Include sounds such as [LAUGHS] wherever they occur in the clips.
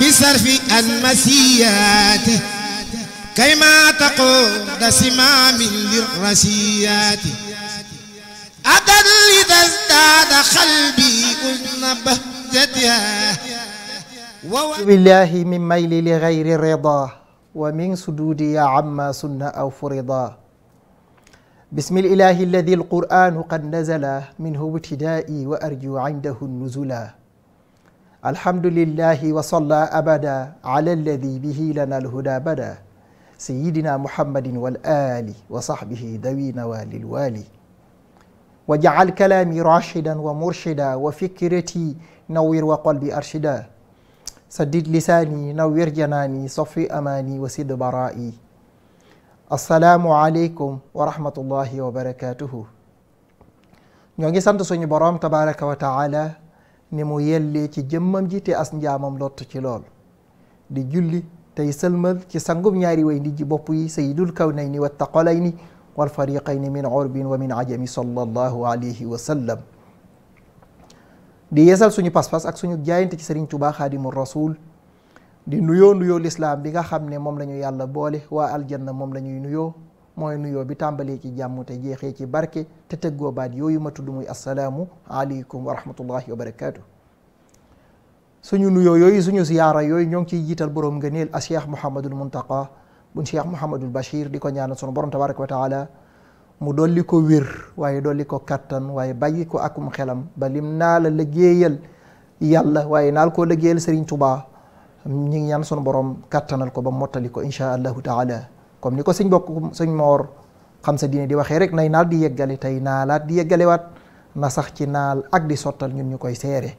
بصرف المسيات كيما تقود سمام للرسيات أدل إذا ازداد قلبي أذن بهجتها أعوذ بالله من ميل لغير رضا ومن سدودي عما سن أو فرضا بسم الإله الذي القرآن قد نزل منه ابتدائي وأرجو عنده النزلا alhamdulillahi wa salla abada ala alladi bihi lana alhuda bada sayidina muhammadin wal ali wa sahbihi dawina walil wali wa jacal kalaami rashidan wa murshida wa fikrati nawwir wa qalbi arshida saddid lisaani nawwir janaani safi amaani wa sid baraa'i assalaamu aleykum wa rahmatullahi wa barakatuhu ñoo ngi sant suñu boroom tabaraka wa taala ni mu yellee ci jëmmam ji te as njaamam lott ci lool di julli tey sëlmal ci sangum ñaari way ndijji bopp yi sayidul kawnayni wa taqalayni wal fariqayni min urbin wa min ajami sallallahu alayhi wa sallam di yeesal suñu pas-pas ak suñu jaayante ci Sëriñ Tuubaa Xaadimu Rasuul di nuyoo nuyoo lislaam bi nga xam ne moom la ñu yàlla boole waa aljanna moom lañuy nuyoo mooy nuyoo bi tàmbalee ci jàmm te jeexee ci barke te tëggoo baat yooyu ma tudd muy asalaamu aleykum wa rahmatullahi wa barakaatu. suñu nuyoo yooyu suñu ziyaara yooyu ñoo ngi ciy jiital borom nga neel a cheikh Mouhamadul Muntaqa buñ cheikh Mouhamadul Bachir di ko ñaanal sunu borom tabaraka wa taala mu dolli ko wér waaye dolli ko kattan waaye bàyyi ko akum xelam ba lim naa la liggéeyal yàlla waaye naal koo liggéeyal Serigne Touba ñu ngi ñaan sunu borom kattanal ko ba mottali ko incha allahu taala. comme ni ko sëñ bokk sëñ moor xam sa diine di waxee rek nay naal di yeggale tey naalaat di yeggalewaat na sax ci naal ak di sottal ñun ñu koy seere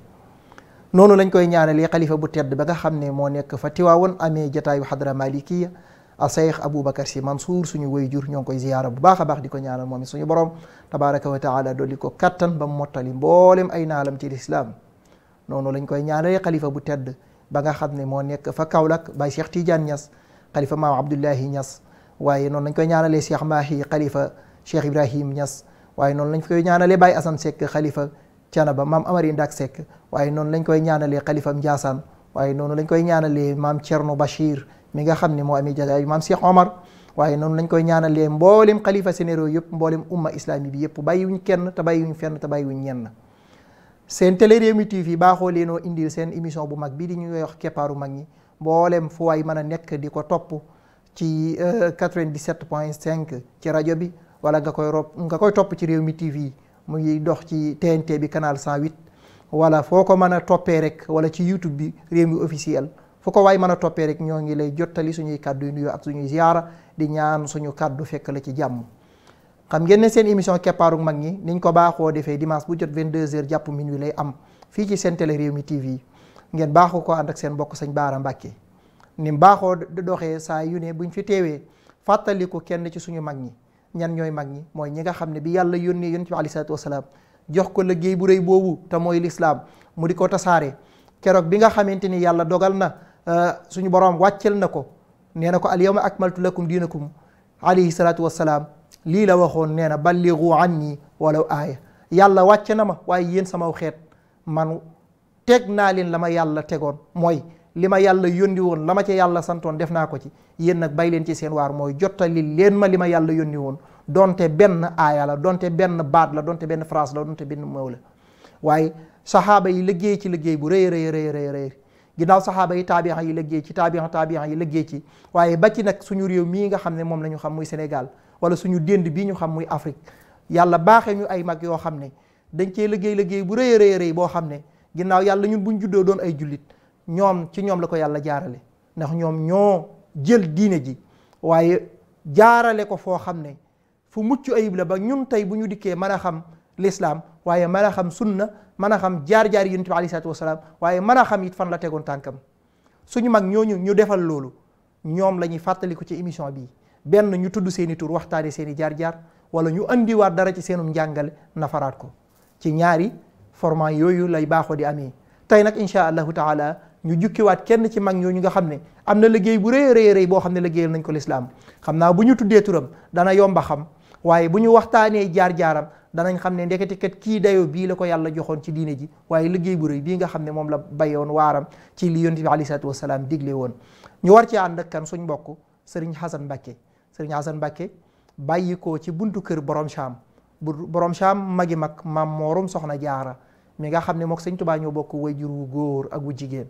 noonu lañ koy ñaanalee xalifa bu tedd ba nga xam ne moo nekk fa Tiwaawoon amee jataayu xadra malikiya a Seex Aboubacar Si Mansour suñu way jur ñoo koy ziyaara bu baax a baax di ko ñaanal moom suñu borom tabaraka wa taala dolli ko kattan ba mottali mboolem ay naalam ci lislaam noonu lañ koy ñaanalee xalifa bu tedd ba nga xam ne moo nekk fa Kaolack Baay Cheikh Tidiane Niass xalifa maam Abdullahi Niass waaye noonu lañ koy ñaanalee Cheikh Mahi xalifa Cheikh Ibrahim Niass waaye noonu lañ koy ñaanalee Baye Assane Seck xalifa Canaba maam Amari Ndak Seck waaye noonu lañ koy ñaanalee xalifa Ndiassane waaye noonu lañ koy ñaanalee maam Thierno Bachir mi nga xam ne moo amee jataay maam Cheikh Omar waaye noonu lañ koy ñaanalee mboolem xalifa sénéro yëpp mboolem umma islami bi yëpp wuñ kenn te bàyyiwuñ fenn te bay bàyyiwuñ ñenn seen télé Rewmi TV baaxoo leenoo indil seen émission bu mag bi di ñuy wax keppaaru mag ñi mboolem fu waay mën a nekk di ko topp ci 97 euh, point 5 ci rajo bi wala nga koy rob nga koy topp ci réew mi TV mu ngi dox ci TNT bi canal 108 wala foo ko mën a toppee rek wala ci YouTube bi réew mi officiel fu ko waay mën a toppee rek ñoo ngi lay jottali suñuy kàddu yu nuyoo ak suñuy ziyaara di ñaan suñu kàddu fekk la ci jàmm. xam ngeen ne seen émission keppaaru mag ñi niñ ko baaxoo defee dimanche bu jot 22h jàpp minuit lay am fii ci seen télé réew mi TV ngeen baaxu ko ànd ak seen mbokk sëñ Baara Mbàkke ni mbaaxoo doxee saa yu ne buñ fi teewee fàttaliku kenn ci suñu mag ñi ñan ñooy mag ñi mooy ñi nga xam ne bi yàlla yónnee ci bi aleyhi salaatu wasalaam jox ko liggéey bu rëy boobu te mooy lislaam mu di ko tasaare keroog bi nga xamante ni yàlla dogal na euh, suñu borom wàccel na ko nee na ko al yawma akmaltu lakum diinakum aleyhi salaatu wasalaam lii la waxoon nee na balligu anni walaw aaya yàlla wàcce na ma waaye yéen sama xeet man teg naa leen la ma yàlla tegoon mooy li ma yàlla yónni woon la ma ca yàlla santoon def naa ko ci yéen bay leen ci seen waar mooy jottali leen ma li ma yàlla yónni woon donte benn aaya la donte benn baat la donte benn phrase la donte benn moow la waaye saxaaba yi liggéey ci liggéey bu rëy rëy rëy rëy saxaaba yi taabian yi ci taabian taabian yi liggéey ci waaye ba ci nag suñu réew mii nga xam ne moom la ñu xam muy Sénégal wala suñu dénd bii ñu xam muy Afrique yàlla baaxee ñu ay mag yoo xam ne dañ cee liggéey liggéey bu rëy rëy rëy boo xam ne ginnaaw yàlla ñun buñ juddoo doon ay jullit ñoom ci ñoom la ko yàlla jaarale ndax ñoom ñoo jël diine ji waaye jaarale ko foo xam ne fu mucc ayib la ba ñun tey bu ñu dikkee mën a xam lislaam waaye man a xam sunna mën a xam jaar-jaar yonent bi aleyhi salaatu waaye mën a xam it fan la tegoon tànkam suñu mag ñooñu ñu defal loolu ñoom la ñuy fàttaliku ci émission bii benn ñu tudd seeni tur waxtaane seeni jaar-jaar wala ñu andiwaat dara ci seenum njàngal nafaraat ko ci ñaari format yooyu lay baaxoo di amee tey nag incha allahu taala ñu jukkiwaat kenn ci mag ñu nga xam ne am na liggéey bu rëy rëy rëy boo xam ne liggéeyal nañ ko lislaam xam naa bu ñu tuddee turam dana yomba xam waaye bu ñu waxtaanee jaar-jaaram danañ xam ne ndekete kat kii dayo bii la ko yàlla joxoon ci diine ji waaye liggéey bu rëy bii nga xam ne moom la bayoon waaram ci li yoon yonent bi aleyhi salaatu wasalaam digle woon ñu war ci ànd ak kan suñ mbokk sëriñ Xasan Mbàkke sëriñ Xasan Mbàkke bàyyi ko ci buntu kër borom Cham bu borom Cham magi mag maam moorum soxna jaara mi nga xam ne mook sëñ Tubaa ñoo bokk way jur wu góor ak jigéen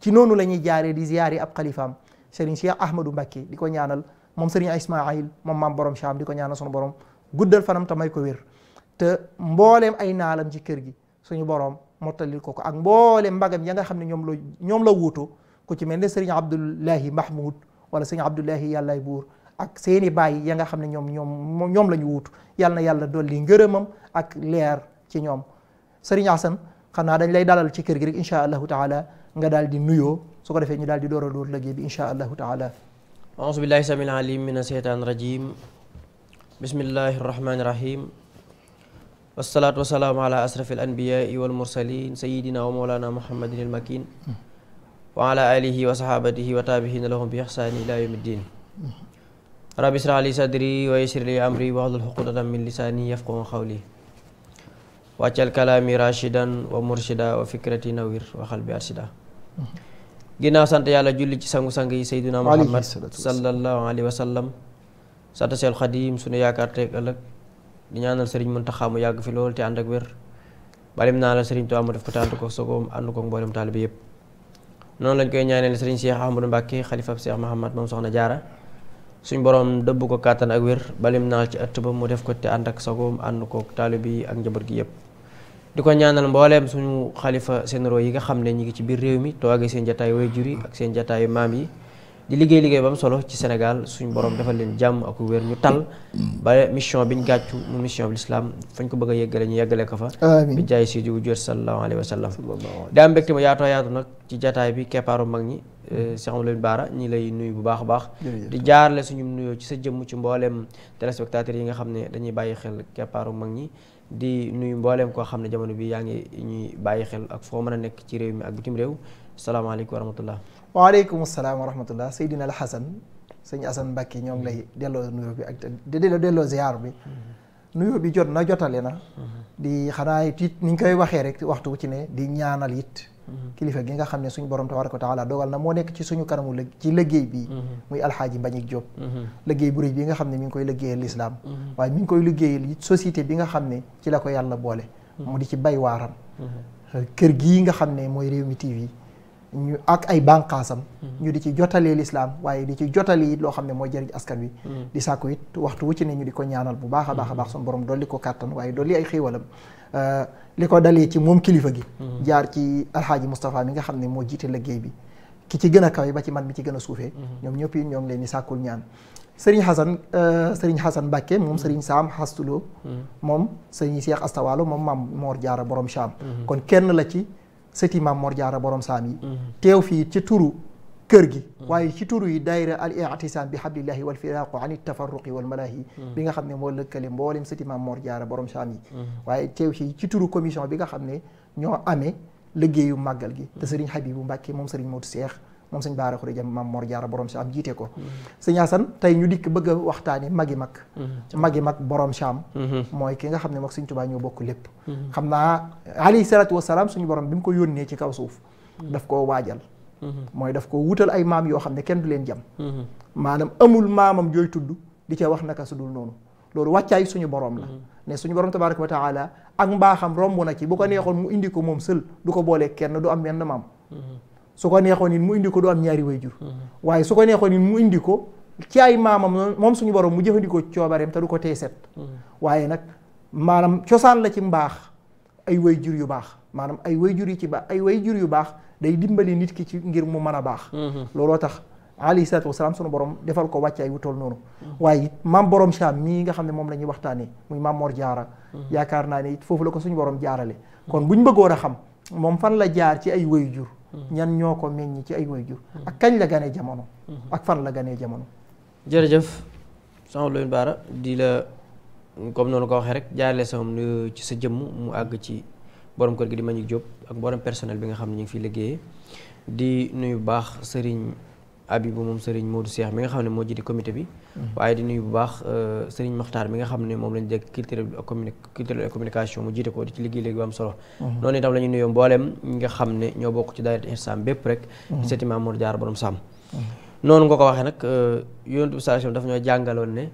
ci noonu la ñuy jaaree di ziyaari ab xalifaam Serigne Cheikh Ahmadou Mbacké di ko ñaanal moom Serigne Ismaïl moom maam borom Cham di ko ñaanal sunu borom guddal fanam te may ko wér te mboolem ay naalam ci kër gi suñu borom mottalil ko ko ak mbooleem mbagam ya nga xam ne ñoom la ñoom la wuutu ku ci mel ne Serigne Abdoulahi Mahmoud wala Serigne Abdoulahi yàllaay buur ak seeni bàyyi ya nga xam ne ñoom ñoom ñoom la ñu wuutu yàlla na yàlla dolli ngërëmam ak leer ci ñoom Serigne Assane xam naa dañ lay dalal ci kër gi rek incha allahu taala nga daal di nuyoo su ko defee ñu daal di door a door liggéey bi incha allahu taala auzu billahi samil alim min asheytaan rajim bismillahi rahmani rahim wasalaatu wasalaamu ala asrafi al anbiyai wa mawlana muhammadin al makin wa alihi wa sahabatihi lahum bi ihsani ila yawmi rabbi israh li sadri wa yassir amri wahlul uqdatan min lisani yafqahu qawli wàccal kalaami rashidan wa murshida ginnaaw sant yàlla julli ci sangu-sang yi sayduna muhammad sallallahu alayhi wa sallam sant seel xadim sunu yaakaar teeg ëllëg di ñaanal sëriñ Muntaxa mu yàgg fi loolu te ànd ak wér balim naa la sëriñ Tuubaa mu def ko ko sogoom ànd ko mboolem taalibe yëpp noonu lañ koy ñaaneel sëriñ Cheikh Ahmadou Mbàkke xalifab Cheikh Mahamad moom soxna jaara suñ borom dëbb ko kàttan ak wér balim naa ci ëtt ba mu def ko te ànd ak sogoom ànd ko taalibe yi ak njaboot gi yëpp di ko ñaanal mbooleem suñu xalifa seen roo yi nga xam ne ñi ngi ci biir réew mi toogee seen jataayu waajur yi ak seen jataayu maam yi di liggéey liggéey ba am solo ci Sénégal suñu borom defal leen jàmm ak wér ñu tal ba mission bi ñu gàccu mu mission bi l'islam fañ ko bëgg a yeggale ñu yeggale ko fa bi jaay si digu jot sallallahu alayhi wa sallam daa mbégte ma yaatoo yaatu nag ci jataay bi keppaaru mag ñi eh, Cheikh Amadou Bara ñi lay nuyu bu baax a baax di jaarale suñu nuyoo ci sa jëmm ci mbooleem téléspectateurs yi nga xam ne dañuy bàyyi xel keppaaru mag ñi di nuyu mbooleem koo xam ne jamono bi yaa ngi ñuy bàyyi xel ak foo mën a nekk ci réew mi ak bitim réew salaamaaleykum wa waaleykum salaam wa rahmatullah Seydina Al assan sëñ Assane Mbacke ñoo ngi lay mm-hmm. delloo nuyoo bi ak di delloo ziar bi mm-hmm. nuyoo bi jot na jotale na. Mm-hmm. di xanaa it ni ñu koy waxee rek waxtu wu ci ne di ñaanal it. kilifa gi nga xam ne suñu borom tabaraka wa taala dogal na moo nekk ci suñu kanamu lë ci liggéey bi muy alxaaji Mbagnick Diop liggéey bu rëy bi nga xam ne mi ngi koy liggéeyal lislaam waaye mi ngi koy liggéeyal it société bi nga xam ne ci la ko yàlla boole di ci bay waaram kër gii nga xam ne mooy réew mi TV ñu ak ay bànqaasam hmm. ñu di ci di ci jotali loo xam ne mooy jëriñ askan wi hmm. di sàkku it waxtu wu ci ne ñu di ko ñaanal bu baax a baax a baax hmm. suñu borom dolli ko kàttan waaye dolli ay xéewalam euh, li ko dalee ci moom kilifa gi jaar ci alxaaji Moustapha mi nga xam ne moo jiite liggéey bi ki ci gën a ba ci man mi ci gën a suufee ñoom ñëpp yi ñoo ngi leen di sàkkul ñaan sëriñ Xasan euh, sëriñ Xasan Mbàkke moom sëriñ Saam Xastuloo moom sëriñ Seex Astawaalo moom maam Moor Jaara borom Saam kon kenn la ci sëti maam Mor Jaara borom saam yi mhm. teew ci turu kër gi mhm. waaye ci turu yi daayira al i'tisam bi hablillahi wal firaaqu an tafarruqi wal malaahi mhm. bi nga xam ne moo lëkkale mboolem sëti maam Mor Jaara borom saam waaye teew fii ci turu commission bi nga xam ne ñoo amee liggéeyu màggal gi te sëriñ Habibu Mbàkke moom sëriñ Moodu Seex moom sëñ Baara Khourédia maam Mor Jaara borom Saam jiite ko. Mm-hmm. sëñ Asan tey ñu dikk bëgg a waxtaani magi mag. Mm-hmm. magi mag borom Saam. Mm-hmm. mooy ki nga xam ne moom sëñ Tuubaa ñoo bokk lépp. xam naa alayhi salaatu wasalaam suñu borom bi mu ko yónnee ci kaw suuf. daf koo waajal. mooy daf ko wutal ay maam yoo xam ne kenn du leen jam. maanaam amul maamam jooy tudd di ca wax naka su dul noonu loolu wàccaay suñu borom la. ne suñu borom tabaaraka wa taala ak mbaaxam romb na ci bu ko neexoon mu indi ko moom sël du ko boolee kenn du am benn su ko neexoon nii mu indi ko du am ñaari waajur mhm. waaye su ko neexoon it mu indi ko ci ay maamam moom suñu borom mu jëfandikoo coobareem te du ko tey set mhm. waaye nag maanaam cosaan la ci mbaax ay waajur yu baax maanaam ay waajur yi ci baax ay waajur yu baax day dimbali nit ki ci ngir mu mën a baax mhm. looloo tax alayhi salaatu wasalaam sunu borom defal ko wàcc ay wutal noonu waaye it maam borom saam mii nga xam ne moom la ñuy waxtaanee muy maam Mor Jaara naa ne it foofu la ko suñu borom jaarale kon buñ bëggoon a xam moom fan la jaar ci ay jur Mm-hmm. ñan ñoo ko meññ ci ay wayjur ak kañ la ganee jamono mm-hmm. ak fan la gane jamono jërëjëf sama Lamine Bara di la comme noonu ko waxee rek jaarale sama nuyu ci sa jëmm mu àgg ci borom kër gi di Mbagnick Diop ak borom personnel bi nga xam ne ñu ngi fi liggéeyee di nuyu baax sëriñ Abibu moom Serigne Modou Cheikh mi nga xam ne moo jiite comité bi. Mm-hmm. waaye di nuyu bu baax euh, Serigne Makhtar mi nga xam ne moom lañ dégg culture culture et communication mu jiite ko di ci liggéey léegi bu am solo. Mm-hmm. noonu nga ne ñoo bokk ci daayira Ihsan bépp rek. Mm-hmm. di seeti Maam Mor Jaar borom Sàmm. noonu nga ko waxee nag euh, yonent bi sallallahu dafa ñoo jàngaloon ne.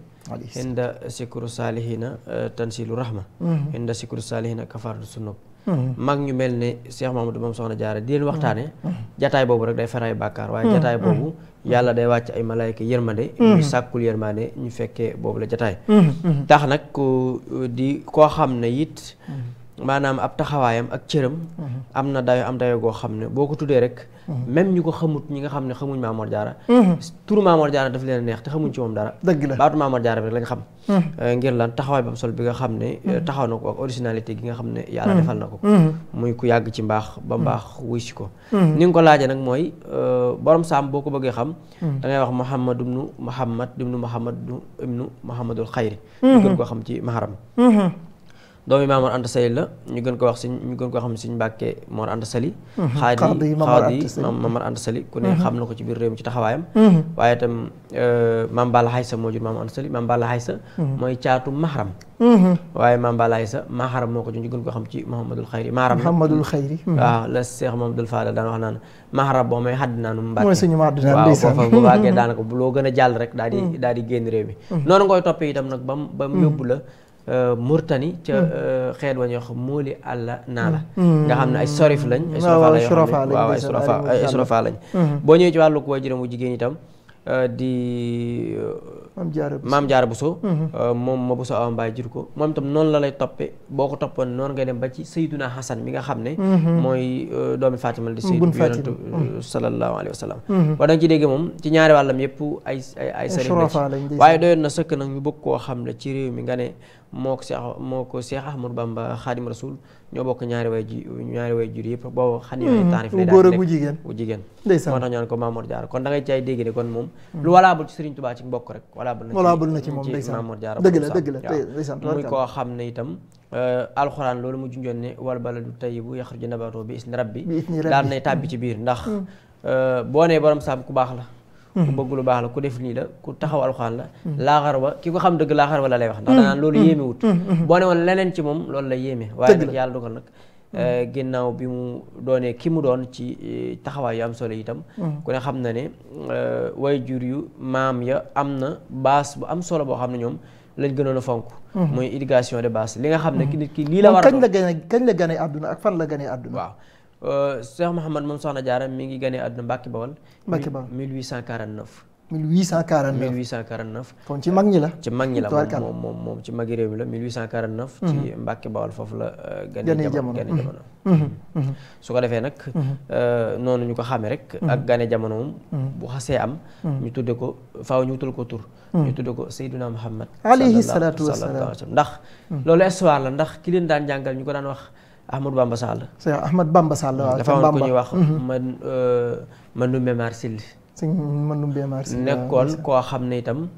inda sikru saalihina euh, tansilu rahma. inda mag ñu mel ne Cheikh Mamadou moom soxna jaara di leen mm-hmm. waxtaane mm-hmm. jataay boobu rek day faray bàkkaar waaye mm-hmm. jataay boobu yàlla day wàcc ay malaayka yërmande ñuy sàkkul yërmande ñu fekkee boobu la jataay tax nag di koo xam ne it maanaam ab taxawaayam ak cëram. Mm-hmm. am na dayo am dayo goo xam ne boo ko tuddee rek. Mm-hmm. même ñu ko xamut ñi nga xam ne xamuñ Maamoor Jaara. Mm-hmm. turu Maamoor Jaara daf leen neex te xamuñ ci moom dara. dëgg la baatu Maamoor Jaara bi rek lañ xam. Euh, ngir lan taxawaay bam sol bi nga xam ne. Euh, taxaw na ko ak originalité gi nga xam ne. yàlla defal na ko. muy ku yàgg ci mbaax ba mbaax wuy si ko. ni ko laajee nag mooy euh, borom saam boo ko bëggee xam. da ngay wax Muhammad ibnu Muhammad ibnu Muhammad ibnu Muhammadul Xayri. ñu gën koo xam ci maharam doomi Maam Mor Anta Sali la ñu gën ko wax si ñu gën ko xam si Mbàkke Mor Anta Sali mhm. xaadi yi Maam Mor Anta Sali ku ne mhm. xam na ko ci biir réew mi ci taxawaayam mhm. waaye itam euh, Maam Balla Haysa moo jur Maam Mor Anta Sali Maam Balla Haysa mooy caatu Mahram waaye Maam ko jur ñu gën ko xam ci Muhammadul Xayri Mahram Muhammadul waaw la Seex Muhammadul Faadal daan wax naan Mahram boo may xaddi naanu Mbàkke mooy suñu xaddi naan ndeysaan waaw foofu bu bàggee [LAUGHS] daanaka loo gën a jàll rek daal di daal di génn réew mi noonu ngay toppee itam nag bam bam yóbbu la Euh, Murtani ca hmm. euh, xeet wa ñuy wax Mouli àlla naa la hmm. nga xam ne ay sorif lañ ay surafa lañ hmm. boo ñëwee ci wàllu ko juróom ma Buso Awa Mbaay jur ko moom itam noonu la lay toppe boo ko toppoon noonu ngay dem ba ci Sayyiduna Hasan mi nga xam ne mooy euh, doomi Fatima di Sayyidu yonentu sallallahu da nga ci dégg moom ci ñaari wàllam yëpp ay ay ay sëriñ la ci waaye doyoon na sëkk nag ñu bëgg koo xam ne ci réew mi nga ne moo ko Seex moo ko Seex Ahmadu Bamba Xaadim Rasul ñoo bokk ñaari way ji ñaari way jur yëpp boo xam ne taarif lay daal bu jigéen bu jigéen ndeysaan moo tax ñaan ko Mamour kon da ngay dégg ne kon moom mm-hmm. lu walaabul ci Serigne Touba ci mbokk rek walaabul na ci moom ndeysaan Mamour Diarra dëgg la dëgg la ndeysaan muy koo xam ne itam euh, alxuraan loolu mu junjoon ne wal baladu tayyibu yaxruju nabatuhu bi isni rabbi daal nay bi ci biir ndax mm. euh, boo ne borom saam ku baax la ku mhm. bëgg baax la ku def nii la ku taxaw alxuraan la mhm. laaxar ba ki ko xam dëgg laaxar ba la lay wax ndax mhm. danaan loolu yéeme wut boo ne woon leneen ci moom loolu la yéeme waaye nag yàlla dogal nag eh, ginnaaw bi mu doonee ki mu doon ci eh, taxawaay yu am solo itam ku ne xam na ne eh, way jur yu maam ya am na baas bu am solo boo xam ne ñoom lañ gënoon a fonk mooy éducation de base li nga xam ne ki nit ki lii la war kañ la gane kañ la gane àdduna ak fan la Euh, Cheikh Mouhamad moom soxna Jaara mi ngi gane àdduna Mbàkke Bawal. Mbàkke Bawal 1849. 1849 1849. kon ci mag ñi la. ci mag ñi la moom moom moom ci magi réew mi la 1849. ci mhm. Mbàkke Bawal foofu la. Euh, gane jamono gane jamono. Mhm. Mhm. su ko defee nag. Euh, noonu ñu ko xamee rek. ak gane jamono moom. bu xasee am. ñu tudde ko faaw ñu wutal ko tur. ñu tudde ko Seydina Muhammad. alayhi la ndax ki leen daan jàngal ñu ko daan wax. Ahmad Bamba Sall. Cheikh Ahmad Bamba Sall waaw dafa amoon ku ñuy wax. Mhm. man euh, man du mémoire Syll. sëñ man du mémoire Syll nekkoon koo xam ne itam.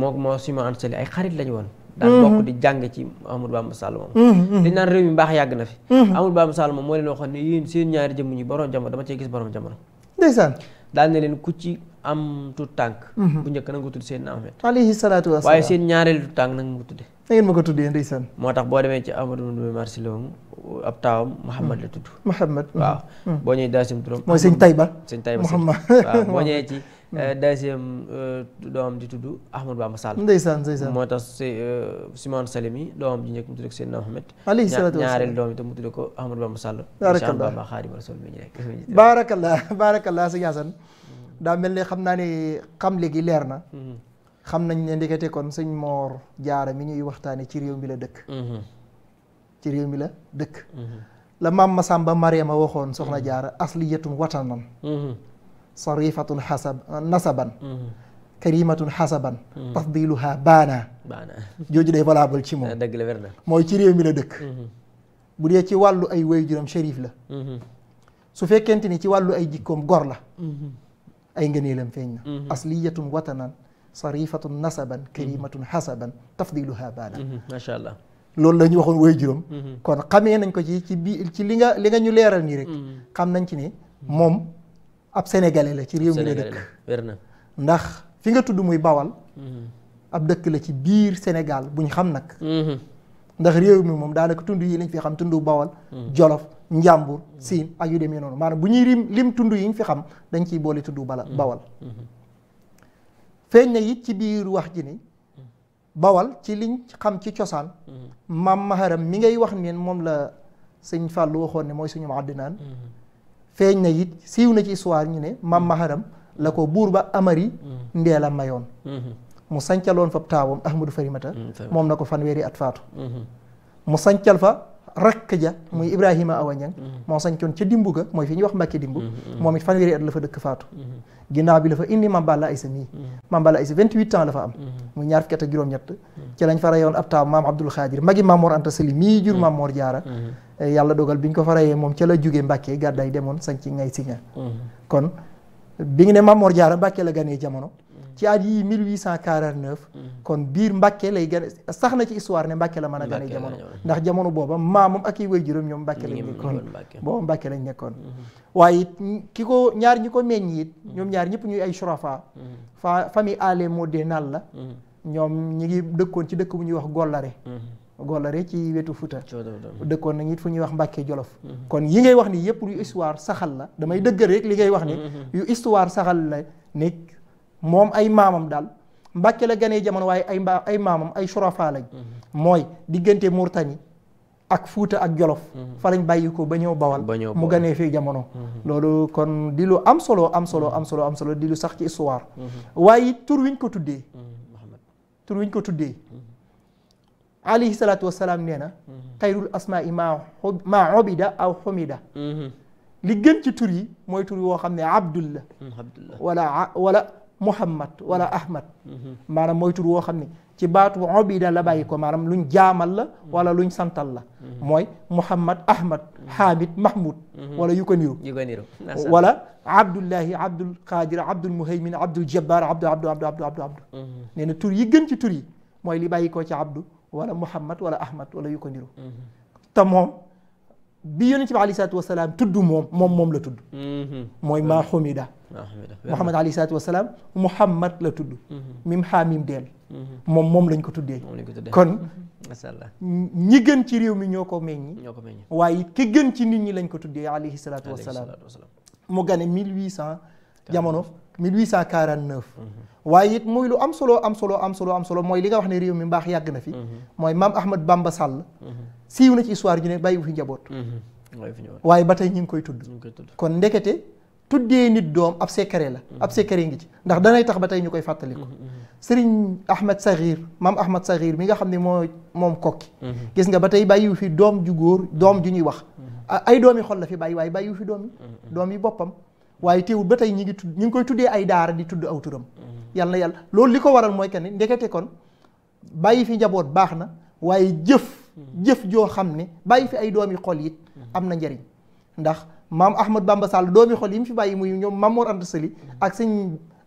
moo ma suñu ànd sali ay xarit lañu woon. daan mhm. bokk di jàng ci Amadou Bamba Sall moom. Mhm, di naan réew mi baax yàgg na fi. Amadou Bamba Sall moom moo leen waxoon ne yéen seen ñaari jëmm ñi borom jamono dama cee gis boroom jamono. ndeysaan. daal ne leen ku ci am tuut tànk. Mhm. bu njëkk na ko tudd Seydina Ahmed. alayhi salaatu wa salaam waaye seen ñaareelu tuut tànk na nga ko tudde na ngeen ma ko tuddee ndeysaan. moo tax boo demee ci Amadou Ndoumbe Marsilom ab taawam Mouhamad la tudd. Mouhamad mhm. waaw. Mhm. boo ñëwee daasim turam. mooy sëñ Tayba. sëñ Tayba Mouhamad waaw boo ñëwee [LAUGHS] euh, euh, di tudd Ahmadou Bamba Sall. ndeysaan ndeysaan moo tax si euh, Simon Salimi doomam ji njëkk mu tudd ko Seydina Mouhamed. alayhi salaatu wa doom itam mu tudd ko Ahmadou Bamba Sall. baarakallah incha allah Xaadimu Rasuul mi ñu nekk. baarakallah baarakallah sëñ Assane daa mel ni xam naa ne xam léegi leer na. Mhm. xam nañ ne ndekete kon sëñ Mor Jaara mi ñuy waxtaane ci réew mi la dëkk. Mhm. réew mi la dëkk. Mhm. la maam Masamba waxoon soxna Jaara asliyatun watanan. sarifatun xasab nasaban. karimatun xasaban. tafdiluha baana. baana jooju day valable ci moom. [LAUGHS] dëgg la wér na mooy ci réew mi la dëkk. bu dee ci wàllu ay waajuram shérif la. su fekkente ni ci wàllu ay jikkoom gor la. ay ngëneelam feeñ na mm-hmm. asliyatun watanan sarifatun nasaban mm-hmm. karimatun hasaban tafdiluha baada mm-hmm. macha allah loolu la ñu waxoon woy juróom kon xamee nañ ko ci ci bi ci li nga li nga ñu leeral nii rek xam nañ ci ne moom ab sénégalais la ci réew mi la dëkk ndax fi nga tudd muy bawal ab dëkk la ci biir sénégal buñ xam nag ndax réew mi moom daanaka tund yi lañ fi xam tundu bawal jolof njàmbur siin ak yu demee noonu maanaam bu ñuy lim lim tund yi ñu fi xam dañ ciy boole tudd bala mm-hmm. bawal mm-hmm. feeñ na it ci biir wax ji ni mm-hmm. bawal ci liñ xam ci cosaan maam maharam mi ngay wax neen moom la sëñ Fallou waxoon ne mooy suñu àddinaan feeñ na it siiw na ci histoire ñu ne maam maharam la ko buur ba amari ndeela mayoon mu sancaloon fa taawam ahmadou farimata moom na ko fanweeri at faatu mu sancal fa rakk ja muy mm-hmm. Ibrahima Awa Niang mm-hmm. moo sañcoon ca dimbu ga mooy fi ñuy wax Mbàkke dimbu mm-hmm. moom it fanweeri at la fa dëkk faatu ginnaaw bi la fa indi Mamballa Aysa mii Mamballa Aysa vingt mii jur Maam Jaara eh, yàlla dogal bi ñu ko fa reyee moom ca la jógee Mbàkke gàddaay demoon sañ ngay si kon bi ngi ne Maam Jaara Mbàkke la ganee jamono ci at yii 1849. Mm. kon biir Mbacke lay gën sax na ci histoire ne Mbacke la mën a gën a jamono ndax jamono booba maamam ak i waajuram ñoom Mbacke lañ nekkoon booba Mbacke lañ nekkoon waaye ki ko ñaar ñi ko meññ it mm-hmm. ñoom ñaar ñëpp ñuy ay shurafa mm-hmm. fa famille ale moo dee nal la mm-hmm. ñoom ñi ngi dëkkoon ci dëkk bu ñuy wax gollare gollare ci wetu Fuuta dëkkoon nañ it fu ñuy wax Mbàkke Jolof kon yi ngay wax ni yëpp yu histoire saxal la damay dëgg li ngay wax ni yu histoire moom ay maamam daal mbàkke la ganee jamono waaye ay mbaa ay maamam ay surafa lañ mhm. mooy diggante Murtani ak Fuuta ak Jolof mhm. fa lañ bàyyi ba ñëw bawal mu ganee fii jamono mhm. loolu kon di lu am solo am solo am solo am solo di lu sax ci histoire waaye tur wiñ ko tuddee tur ko tuddee alayhi salaatu wasalaam nee na xayrul asmaai maa maa aw xumida li gën ci yi mooy tur woo xam ne abdul wala wala muhammad wala mm-hmm. ahmad mm-hmm. maanaam mooy tur woo xam ne ci baatu obida la ba ko mm-hmm. maanaam luñ jaamal la wala luñ santal la mooy muhammad ahmad hamid mahmud wala yu ko niru wala abdullahi abdul qadir abdul muhaymin abdul jabbar abdu abdu abdu abdu abdu abdu nee na tur yi gën ci tur yi mooy li bàyyi ko ci abdu wala muhammad wala ahmad wala yu ko niru te bi yonent bi alayhi salaatu wa salaam tudd moom moom moom la tudd. Mhm. mooy maa xumida. maa xumida Muhammad alayhi salaatu wa salaam Muhammad la tudd. Mhm. mim xaamim deel. Mhm. moom moom lañ ko tuddee. kon. macha allah ñi gën ci réew mi ñoo ko meññi. ñoo ko meññi waaye ki gën ci nit ñi lañ ko tuddee alayhi salaatu wa salaam. mu gane 1800 jamono 1849. waaye it muy lu am solo am solo am solo am solo mooy li nga wax ne réew mi mbaax yàgg na fi. mooy maam Ahmad Bamba Sall. siiw na ci histoire ñu ne bàyyi mm-hmm. fi njaboot. waaye ba tey ñu ngi koy tudd. kon ndekete tuddee nit doom ab secret la. Mm-hmm. ab secret ngi ci ndax danay tax ba tey ñu koy fàttaliku. Mm-hmm. sëriñ Ahmed Saxiir maam Ahmed Saxiir mi nga xam ne moo moom kokki. gis nga ba tey bàyyiwu fi doom ju góor doom ju ñuy wax. ay doomi xol la fi bàyyi waaye bàyyiwu fi doom yi. doom yi boppam. waaye teewul ba tey ñi ngi tudd ñu ngi koy tuddee ay daara di tudd aw turam. yàlla na yàlla loolu li ko waral mooy que ni ndekete kon bàyyi fi njaboot baax na waaye jëf joo xam ne bàyyi fi ay doomi xol it am na njariñ ndax maam Ahmad Bamba Sall doomi xol yi mu fi bàyyi muy ñoom Mamoor and Sali ak sëñ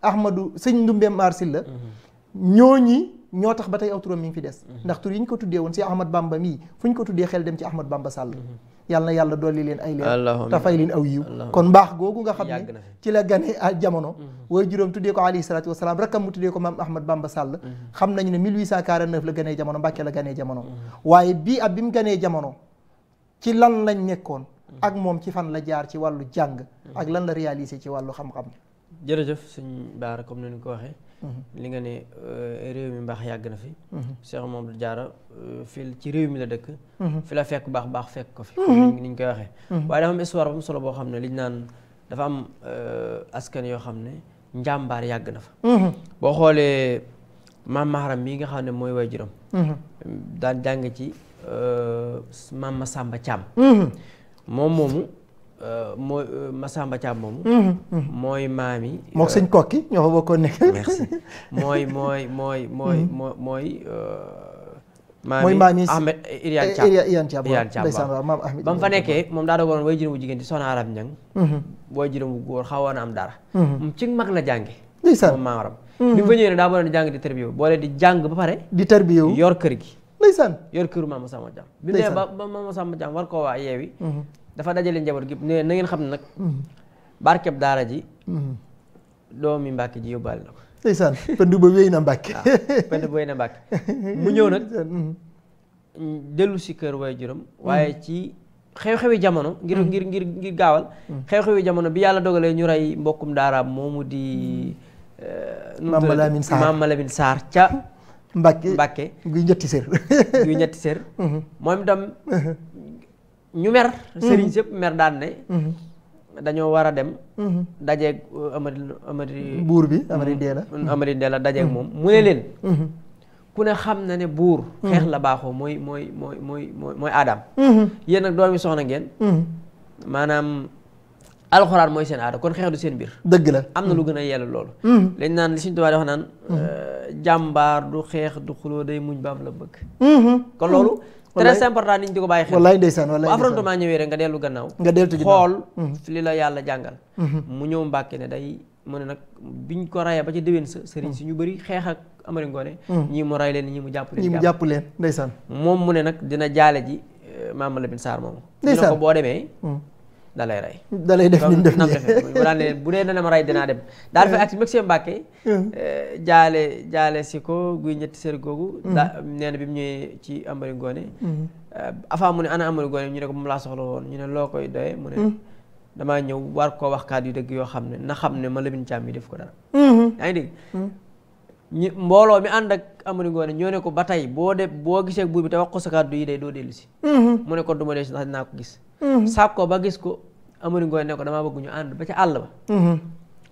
Ahmadu sëñ Ndumbe Marsil la mhm. ñooñi ñoo tax ba tey aw turam mi ngi fi des mhm. ndax tur yi ñu ko tuddee woon si Ahmad Bamba mii fu ñu ko tuddee xel dem ci Ahmad Bamba Sall mhm. yàlla na yàlla dolli leen ay leer te leen aw yiw kon mbaax googu nga xam ne ci la gane jamono mhm. way juróom tuddee ko alayhi salaatu wasalaam rakkam mu tuddee ko maam Ahmad Bamba Sall xam nañu ne 1849 la ganee jamono Mbàkke la ganee jamono waaye bii ab bi mu ganee jamono ci lan lañ nekkoon ak moom ci fan la jaar ci wàllu jàng ak lan la réalisé ci wàllu xam-xam jërëjëf suñ baara comme ni ko waxee li nga ne euh, réew mi mbaax yàgg na fi. Mhm. Cheikh Mamadou Diarra euh, fii ci réew mi la dëkk. Mhm. fi la fekk baax baax fekk ko fi. Mhm. ni ñu koy waxee. waaye dafa am histoire bu mu solo boo xam ne liñ naan dafa am euh, askan yoo xam ne njàmbaar yàgg na fa. boo xoolee maam Maharam mii nga xam ne mooy waajuram. daan jàng ci maam Masamba Thiam. moom moomu. Euh, mooy euh, Massamba Thiam moomu. Mm-hmm, mm-hmm. mooy maam yi. moog sëñ euh, kokki ñoo fa bokkoon nekk. merci [LAUGHS] mooy mooy mooy mooy mm-hmm. mooy. mooy maam yi Ahmed eh, eh, Iriane Thiam Iriane Thiam waaw maam Ahmed ba mu fa nekkee moom daa dogoon way juróom bu jigéen ci Soxna Arab Ñang. way juróom bu góor xawoon na am dara. moom ci mag la jànge. moom maam bi mu fa ñëwee nag daa boole di jàng di tarbiyewu boole di jàng ba pare. di tarbiyewu yor kër gi. ndeysaan yor këru maam Massamba Thiam. ndeysaan bi mu ba maam Massamba Thiam war koo waa yeewi. dafa dajale njaboot gi ne na ngeen xam ne nag mhm. barkeb daara ji mhm. doomi Mbàkke ji yóbbaale na ko ndeysaan pënd [LAUGHS] ba wéy na Mbàkke mu ñëw nag [LAUGHS] mhm. dellu si kër way juróom waaye ci xew-xewi jamono ngir ngir ngir ngir gaawal xew-xewi jamono bi yàlla dogalee ñu rey mbokkum daaraam moomu di eh, Maam Saar ca Mbàkke Mbàkke guy ñetti sér guy ñetti sér [LAUGHS] moom itam ñu mer. Mm-hmm. sëriñ sëpp mer daan ne. Mm-hmm. dañoo war a dem. Mm-hmm. dajeeg euh, Amady buur bi Amady Ndeela. Amady Ndeela dajeeg moom mu ne leen. ku ne xam na ne buur. xeex la baaxoo mooy mooy mooy mooy mooy aadaam. yéen nag doomi soxna ngeen. maanaam alxuraan mooy seen aada kon xeex du seen biir. dëgg la am na lu gën a yell loolu. lañ naan li suñu tubaab di naan. Euh, jàmbaar du xeex du xuloo day muñ ba am la bëgg. kon loolu. très important nit ñi di ko bàyyi xel wallaay ndeysaan wallaay ñëwee rek nga dellu gannaaw xool li mm-hmm. la yàlla jàngal mm-hmm. mu ñëw Mbàkke ne day mu ne nag biñ ko rayee ba ci déwén sa sëriñ si mm-hmm. ñu bëri xeex ak Amari Ngoone ñii mu ray leen ñii mu jàpp leen ñii ndeysaan moom mu ne nag dina jaale ji eh, Maam Lamine Sarr moomu ñu ne ko da rey. da lay def ni mu def nii dana ma rey dinaa dem. daal di fay agsi Maxime Mbacke. Hmm. Eh, jaale jaale si ko guy ñetti sër googu. Hmm. daa nee bi mu ñëwee ci Amari Ngoone. Hmm. Eh, avant mu ne ana Amari Ngoone ñu ne ko moom laa soxla woon ñu ne loo koy doyee mu ne. damaa ñëw war koo wax kàddu yu dëgg yoo xam ne na xam ne ma Lamine Thiam bi def ko dara. yaa ngi dégg. ñi mbooloo mi ànd ak Amari Ngoone ñoo ne ko ba tey boo de boo gisee buur bi te wax ko sa kàddu yi de doo dellu mu ne ko duma Mhm. saab ko ba gis ko amari ngooy ne ko damaa bëgg ñu ànd ba ca àll ba mhm.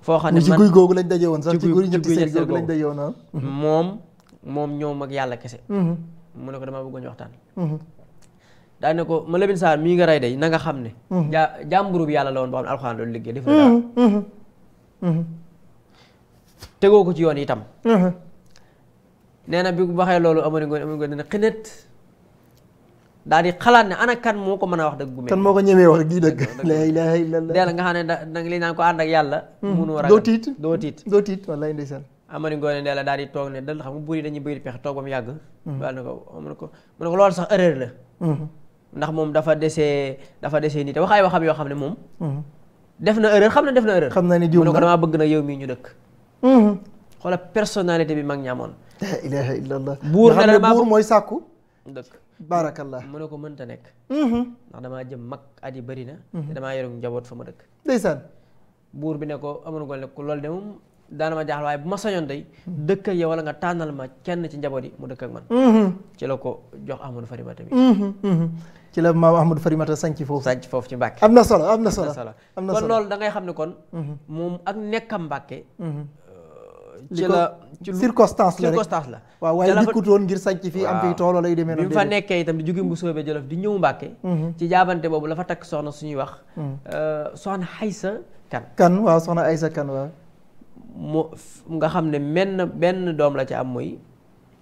foo xam ne ci guy googu lañ daje woon sax ci guy ñetti seen googu lañ daje woon ah. mhm. moom moom ñoom ak yàlla kese mu ne damaa bëgg ñu waxtaan daa ne ma labin saar mii nga rey day na nga xam ne jaa jàmburub yàlla la woon boo xam ne alxuraan loolu liggéey tegoo ko ci yoon itam nee bi waxee loolu amari ngooy amari ngooy ne xinet daal di xalaat ne ana kan moo ko mën a wax dëgg gu mel kan moo ko ñemee wax gii dëgg la ilaha illallah deel nga xam ne da li naan ko ànd ak yàlla hmm. munu war doo tiit doo tiit doo tiit wallaay ndeysaan amari ngoone ndee la daal di toog ne dal xam nga buur yi dañuy bëyil pexe toog ba mu yàgg hmm. daal ne ko mu ne la hmm. ndax moom dafa desee dafa desee nii te wax ay waxam yoo xam ne moom def na erreur xam na def na xam naa ne jiw mu ne ko damaa bëgg nag yow ñu dëkk xoola personnalité bi mag ñaamoon la ilaha illallah buur mooy sàkku dëkk baarakallah mu a ko mënta nekk mm-hmm. ndax damaa jëm mag at yi bëri na mm-hmm. te damaa yor njaboot fa ma dëkk ndeysaan buur bi ne ko amoon ko ne ko loolu de moom daana ma jaaxal waaye bu ma sañoon day mm-hmm. dëkk ak yow wala nga tànnal ma kenn ci njaboot yi mu dëkk ak man ci la ko jox Ahmadou Farimata bi ci la maam Ahmadou Farimata sanc foofu sanc foofu ci Mbàkke am na solo am na solo am na solo da ngay xam ne kon moom ak nekkam Mbàkke euh, ci la ci circonstance la circonstance la waaw waaye dikkutoon ngir sànc fii am fii toolo lay demee noonu bi fa nekkee itam di jóge bu soobee Jolof di ñëw Mbàkke mhm. ci jaabante boobu la fa takk soxna suñuy wax mhm. euh, soxna Aysa Kan kan waaw soxna Aysa Kan mu nga xam ne menn benn doom la ci am muy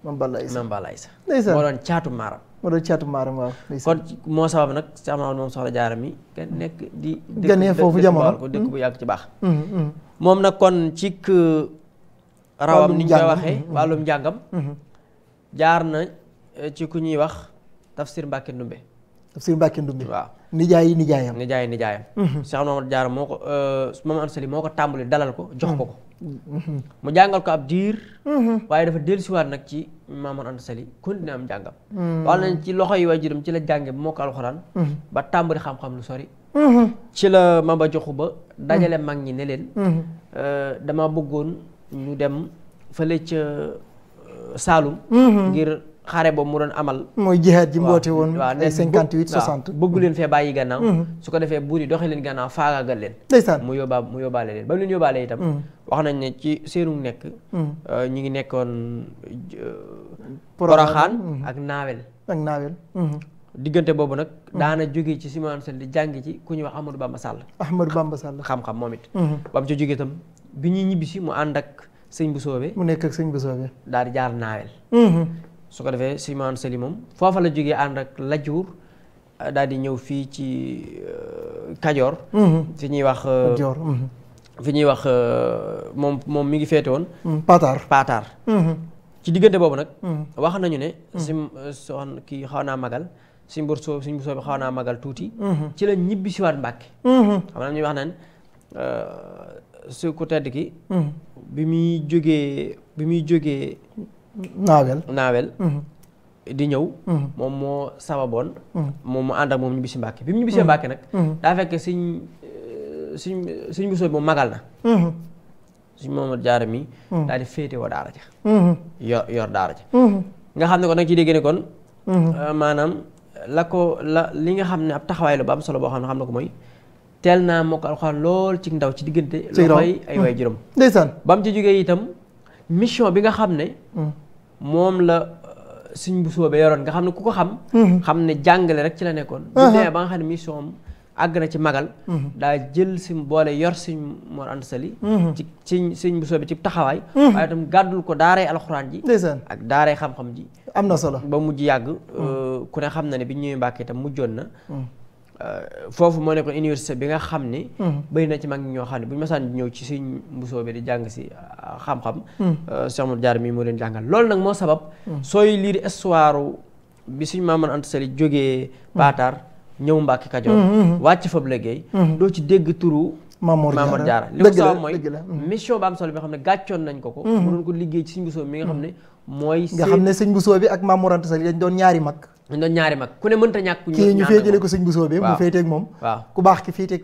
Mam Balla Aysa Mam Balla Aysa moo doon caatu maaram moo doon caatu maaram waaw kon moo sabab nag nekk di ganee foofu jamono ko dëkk bu yàgg ci baax mhm, moom nag kon ci rawam ni ñu koy waxee mhm. wàllum njàngam mhm. jaar na eh, ci ku ñuy wax tafsir Mbàkke Ndumbe tafsir Mbàkke Ndumbe waaw nijaay nijaayam nijaay nijaayam mhm. Cheikh Mamadou Diarra moo ko eh, Mamadou Ansali moo ko tàmbali ko jox ko mu jàngal ko ab diir waaye dafa dellusiwaat nag ci Mamadou Ansali continué am jàngam wàll nañ ci loxo yi waajuram ci la jànge ba moo ko alxuraan ba tàmbali xam-xam lu sori ci la Maba Jaxu Ba dajale mag ñi ne leen eh, dama bëggoon ñu dem fële ca euh, Saalum. Mm-hmm. ngir xare boobu mu doon amal. mooy jihaad ji mboote woon. waaw ay cinquante huit soixante leen fee bàyyi gannaaw. Mm-hmm. su ko defee buur yi doxe leen gannaaw faagaagal leen. ndeysaan mu yóbbaa mu yóbbaale leen ba mu leen yóbbaale itam. Mm-hmm. wax nañ ne ci seenu nekk. Euh, ñu ngi nekkoon. Euh, Poroxaan ak Naawel. ak Naawel. diggante boobu nag. daana jóge ci Simansel di jàng ci ku ñuy wax Amadou Bamba Sall. Ahmadou Bamba Sall xam-xam moom it. ba mu ca jóge itam bi ñuy ñibbisi mu ànd ak sëñ bu soobee. mu nekk ak bu soobee. daal di jaar naawel. Mm-hmm. su ko defee sëñ Maodo Sali moom foofa la jógee ànd ak Lajour daal di ñëw fii ci euh, Kajoor. Mm-hmm. fi ñuy wax. Kajoor. Euh, mm-hmm. fi ñuy wax euh, moom moom mi ngi féete woon. Pataar Pataar. ci diggante boobu nag. wax nañu ne. sim soxna kii xaw naa magal. suñ bu soo suñ bu soo bi xaw naa magal tuuti. ci la ñibbi siwaat Mbàkke. xam naa ñuy wax naan. su ku tedd ki hmm. bi muy jógee bi muy jógee naawel naawel hmm. di ñëw hmm. moom moo sababoon moom mu ànd ak moom ñu bisi mbàkke bi mu ñu bisee mbàkke nag daa fekk suñ eh, suñ suñ busoo bi moom magal na suñ moom jaara mi daal di féete woo daara ja yor yor daara ja nga xam ne kon nag ci dégg ne kon eh, maanaam la ko la li nga xam ne ab taxawaay lu ba am solo boo xam ne xam na ko mooy teel naa mokk alxuraan lool ci ndaw ci diggante loxoy ay way juróom ba mu ci jógee itam mission bi nga xam ne hmm. moom la euh, suñ bu soobee yoroon nga xam ne ku ko xam hmm. xam ne jàngale rek ci la nekkoon bu nee ba nga ne mission am ci magal hmm. daa jël sim boole yor suñ Mor Anta Sali suñ bu soobee ci taxawaay waaye gàddul ko daaray alxuraan ji ak daaray xam ji am na solo ba mujj yàgg euh, ku ne xam na ne bi ñuy Mbàkke itam mujjoon na Euh, foofu moo nekkoon université bi nga xam ni. Hmm. bëri na ci mag ñoo xam ne bu ñu masaan ñëw ci suñ mbusoo bi di jàng si euh, xam-xam. Hmm. Euh, Cheikh Modou Diarra mii moo leen jàngal lool nag moo sabab. Hmm. sooy lire histoire bi suñ Maam Anta Sali jógee. Paatar ñëw Mbàkke Kajoor. wàcc fa bu liggéey. doo ci dégg turu. Mamour Diarra li ko sabab mooy mission ba am solo bi nga xam ne gàccoon nañ ko ko. mu doon ko liggéey ci suñ mbusoo mi nga xam ne. mooy nga mbusoo bi ak Maam Mor dañ doon ñaari mag. ñu doon ñaari mag ku ne mënta ñàkk ku ñu fee jëlee ko sëñ bu soobee mu féeteeg moom waaw ku baax ki féeteeg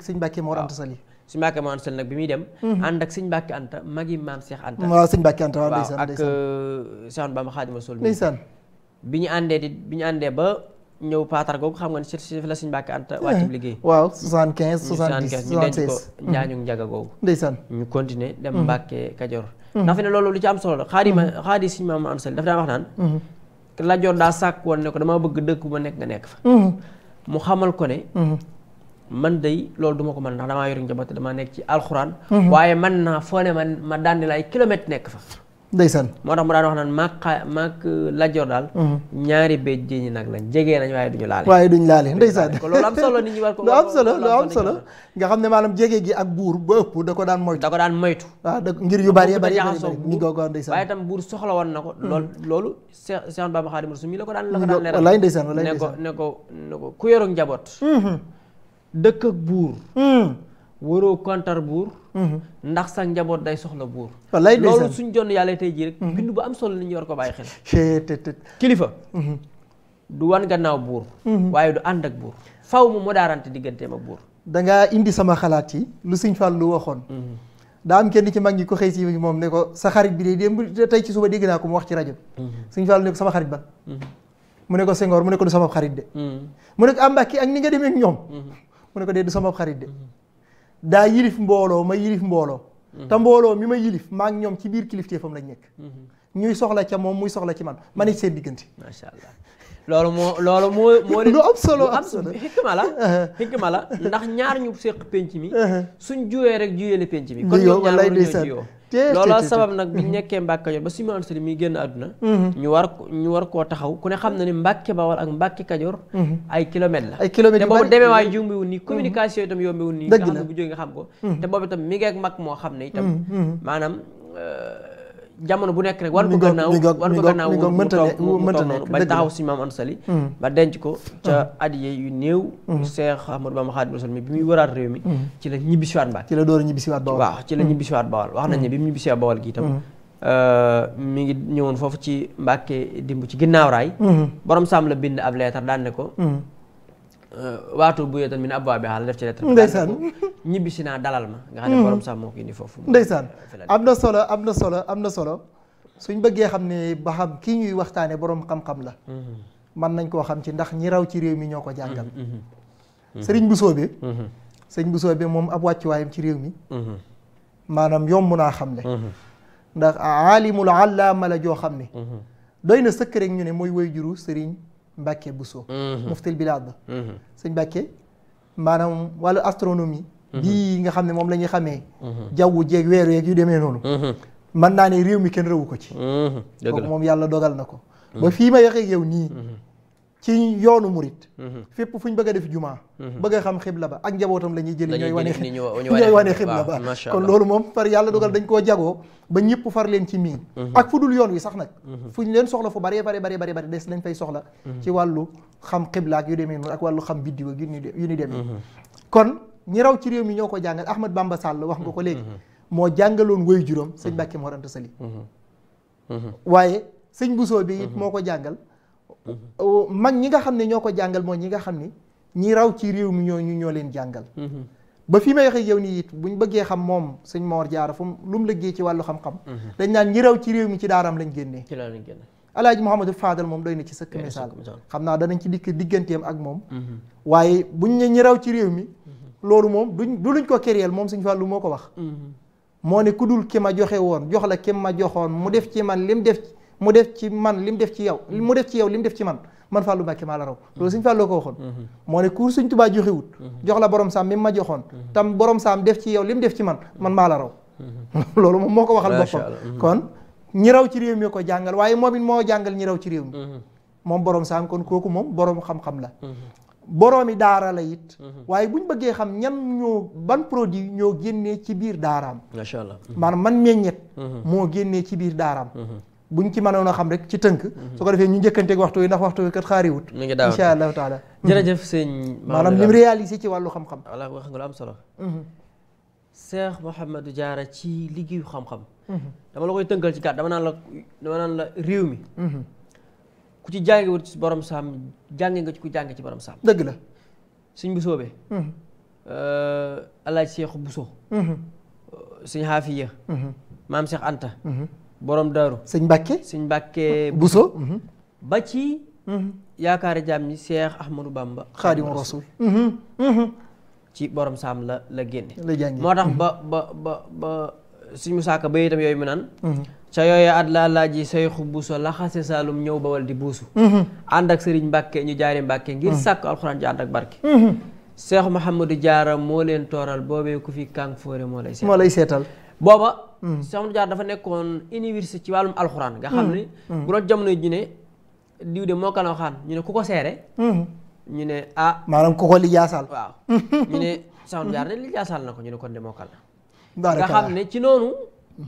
mhm. euh, ba ñëw paatar googu xam nga ne si fi la sëñ Mbàkke Anta wàccib eh, liggéey waaw 75 70 ñu denc ko mhm. njaañu njaga googu ndeysaan ñu continuer dem mhm. ndax fi ne loolu lu ci am solo la xaadima xaadi sëñ maam Anta Sali dafa daan wax naan Lat Joor daa sàkk woon ne ko damaa bëgg dëkk bu ma nekk nga nekk fa mm-hmm. mu xamal ko ne mm-hmm. man day loolu duma ko mën ndax damaa yor njaboot damaa nekk ci alxuraan mm-hmm. waaye man naa foo ne ma ma dandi la ay kilomètre nekk fa ndeysaan moo tax mu daan wax naan maak maak euh, lajjoor daal mhm. ñaari béj ji ñi nag lañ jegee nañ waaye duñu laale waaye duñu laale ndeysaan loolu am solo nit [LAUGHS] am solo nga xam ne maanaam jegee gi ak buur ba ëpp da ko daan moytu da ko daan moytu waaw ah, da ngir yu bari bari ñi ko ko ndeysaan waaye tam mhm. loolu loolu la ko daan la ko daan leeral wallaay ku yoroon njaboot mhm. dëkk ak buur waroo kontar buur mhm. ndax sa njaboot day soxla buur loolu suñ jonn yàlla tey jii rek mhm. bind bu am solo la ñu war ko bàyyi xel kilifa mhm. du wan gannaaw buur waaye du ànd ak buur faw mu mu daarante digganteem ak buur dangaa indi sama xalaat yi lu sëñ Fallu waxoon daa am ci mag ñi ko xëy si ko sa xarit bi de démb tey ci suba dégg naa ko mu wax ci rajo sëñ ne ko sama xarit ban mu ne ko Senghor mu ne ko du sama xarit de mu ne ko Ambaki ak ni nga demee ñoom mu ne dee du sama xarit de daa yilif mbooloo ma yilif mbooloo mhm. ta mbooloo mi ma yilif maa ngi ñoom ci biir kilifteefam lañ nekk mhm. ñuy soxla ca moom muy soxla ci man ma nekk seen diggante macha allah loolu moo loolo moo moo [LAUGHS] lu am solo am solo xikma la xikma [LAUGHS] uh-huh. la ndax ñaar ñu seq penc mi uh-huh. suñ juwee rek juyee la penc mi kon ñoom ñaar war looloo sabab nag bi ñu nekkee Mbàkke Kajoor ba suñu Maam Anta Sali muy génn àdduna mm-hmm. ñu war ñu war koo taxaw ku ne xam na ne Mbàkke Bawol ak Mbàkke Kajoor mm-hmm. ay kilomètres la ay kilomètres te boobu demee waay yombiwul nii mm-hmm. communication itam yombiwul nii nga xam bu jógee nga xam ko te boobu itam mi ngi mag moo xam ne itam maanaam euh, jamono bu nekk rek war ko gannaaw war ko gannaaw mu toog mu toog ba taxaw si maam Ansali hmm. ba denc ko ca hmm. adiye yu néew hmm. Cheikh Ahmadou Bamba la ñibbisiwaat Bawal a ñibbisiwaat Bawal waaw ci la ñibbisiwaat bi mu ñibbisiwaat Bawal gi itam euh, mi ngi ñëwoon foofu ci Mbàkke dimb ci ginnaaw raay borom saam la bind ab leetar daan ne Euh, waatu bu yetan min abwaabi xaal def ci lettre ndeysaan ñibbisi naa dalal ma nga xam ne mm-hmm. borom sax moo ko indi am na solo am na solo am na solo suñ bëggee xam ne ba xam kii ñuy waxtaane borom xam-xam la man mm-hmm. nañ koo xam ci ndax ñi raw ci réew mi ñoo ko jàngal mm-hmm. sëriñ bu soobe sëriñ bu soobe moom ab wàccuwaayam ci réew mi maanaam yomb naa xam ne ndax aalimul allaama la joo xam ne doy na sëkk rek ñu ne mooy way juru sëriñ Mbacke Bousso. Mhm. muftil bilaad la. Mhm. sëñ Mbacke maanaam wàllu astronomie. bii mhm. nga xam ne moom la ñuy xamee. jawwu jeeg weer yeeg yu demee noonu. mën naa ne réew mi kenn rëwu ko ci. dëgg moom yàlla dogal na ko. ba fii ma waxee yow nii. ci yoonu murit mhm. fépp fu ñu bëgg a def jumaa mhm. bëgg a xam xibla ba ak njabootam la ñuy jëli ñooy wane [LAUGHS] ne wane xibla ba kon loolu moom par yàlla dogal mhm. dañ koo jagoo ba ñëpp far leen ci miin ak fu dul yoon wi sax nag fu ñu leen soxla fu bari bari bare bare bare des lañ fay soxla ci wàllu xam xibla ak yu demee noonu ak wàllu xam biddiw ak yu ni demee kon ñi raw ci réew mi ñoo ko jàngal Ahmad Bamba Sall wax nga ko léegi moo jàngaloon woy juróom sëñ Mbàkke Mor Anta Sali waaye sëñ Bousso bi moo ko jàngal Euh, mag ñi nga xam ne ñoo ko jàngal mooy ñi nga xam ni ñi raw ci réew mi ñu ñoo leen jàngal mm-hmm. ba fi may waxee yow nii bu buñ bëggee xam moom sëñ jaar Jaara fu lu mu liggéey ci wàllu xam-xam mm-hmm. dañ naan ñi raw ci mi ci daaraam lañ génnee alaaji Mouhamadou Fadal moom doy na ci sëkk misaal xam naa danañ ci dikk digganteem ak moom mm-hmm. waaye buñ ne ñi raw ci réew mi loolu moom duñ lu luñ ko kéréel moom suñ sëñ Fàllu moo ko wax moo ne ku dul ki ma joxe woon jox la ki ma joxoon mu def ci man lim def mu def ci man li mu def ci yow mu def ci yow li mu def ci man man Fallou Mbacké maa la raw loolu suñ Fallou ko waxoon mhm. moo ne kuur sëñ Tuubaa joxewut mhm. jox la boroom saam mi ma joxoon mhm. tam borom saam def ci yow li mu def ci man man maa la raw [LAUGHS] loolu moo ko waxal boppam kon ñi raw ci réew mi ko jàngal waaye moom it moo jàngal ñi raw ci réew moom borom saam kooku moom borom xam la boroomi daara la it waaye buñ bëggee xam ñan ban produit ñoo génnee ci biir daaraam macha allah maanaam man meññet moo génnee ci biir daaraam buñ ci mënoon a xam rek ci tënk mhm. su ko defee ñu njëkkanteeg waxtu wi ndax waxtu wi kat xaariwut mi ngi daaw incha allahu taala mhm. jërëjëf sëñ maanaam lim ci wàllu xam-xam wala wax nga lu am solo mhm. Cheikh Mouhamadou Diarra ci liggéeyu xam-xam dama la koy tënkal ci gàtt dama naan la dama naan la réew mi ku ci jànge wut ci borom saam jànge nga ku jànge ci borom saam dëgg la suñ bu soobee euh, alaaj Cheikh Bousso suñ xaafiya maam Cheikh Anta borom daaru sëñ Mbàkke sëñ Mbàkke Buso mhm. mhm. ba ci mhm. yaakaar jaam ñi Cheikh Ahmadou Bamba Xaadimu Rasul ci borom saam la la génne moo tax ba ba ba ba suñu saaka ba itam yooyu mu naan ca yooyu at la alaaji Seexu Buso laxase Saalum ñëw bawal di buusu ànd ak sëriñ Mbàkke ñu jaari Mbàkke ngir sàkk alxuraan ji ànd moo leen tooral boobee ku fi kàng fóore moo lay seetal booba Mm. Cheikh Amadou Diarra dafa nekkoon université ci wàllum alxuraan nga xam mm. ne mm. bu doon jamono ji diw de moo kan waxaan ñu ne ku ko seere ñu ne ah maanaam ku ko lijaasaal waaw ñu ne Cheikh Amadou na ko ñu ne kon de mokkal na nga xam ne ci noonu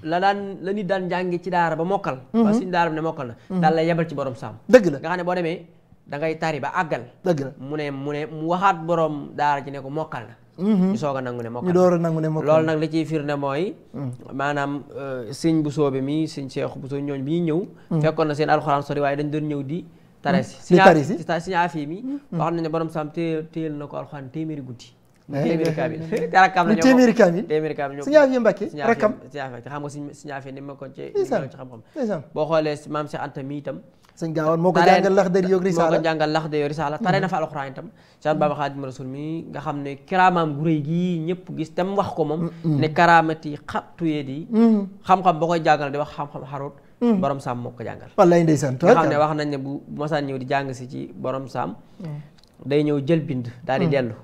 la daan la nit daan jàngi ci daara ba mokkal mm-hmm. ba suñu daara bi ne mokkal na mm-hmm. daal la yebal ci borom saam dëgg na nga xam ne boo demee dangay taari ba àggal dëgg la mu ne mu ne mu waxaat borom daara ji ne ko mokkal na Mm-hmm. ñu soog a nangu ne mokkal ñu door a nangu ne mokkal loolu nag li ciy firnde mooy mm. maanaam euh, sëñ bu soobe mi sëñ Cheikh bu soobe ñooñ bi ñuy ñëw mm. fekkoon na seen alxuraan sori waaye dañ doon ñëw di taresi mm. siñu afii mi wax nañ ne borom sam té téyel na ko alxuraan téeméeri guddi eh. téeméeri kaamil te rakkam la téeméeri kaamil téeméeri kaamil suñu afii Mbàkke rakkam suñu afii xam nga suñu afii ni ma ko ci ci xam-xam boo xoolee maam Cheikh Anta mi itam sëñ Gaawaan moo ko jàngal lax de yoog risaala moo ko jàngal lax de yoog risaala tare na fa alxuraan itam Cheikh Baba Xaadim Rasul mi nga xam ne karaamaam gu rëy gii ñëpp gis tam wax ko moom ne karaamati xattuye di mm-hmm. xam-xam boo koy jàngal di wax xam-xam xarut mm-hmm. borom saam moo ko jàngal wallaay ndeysaan nga xam ne wax nañ ne bu mosaan ñëw di jàng si ci borom saam mm-hmm. day ñëw jël bind daal di dellu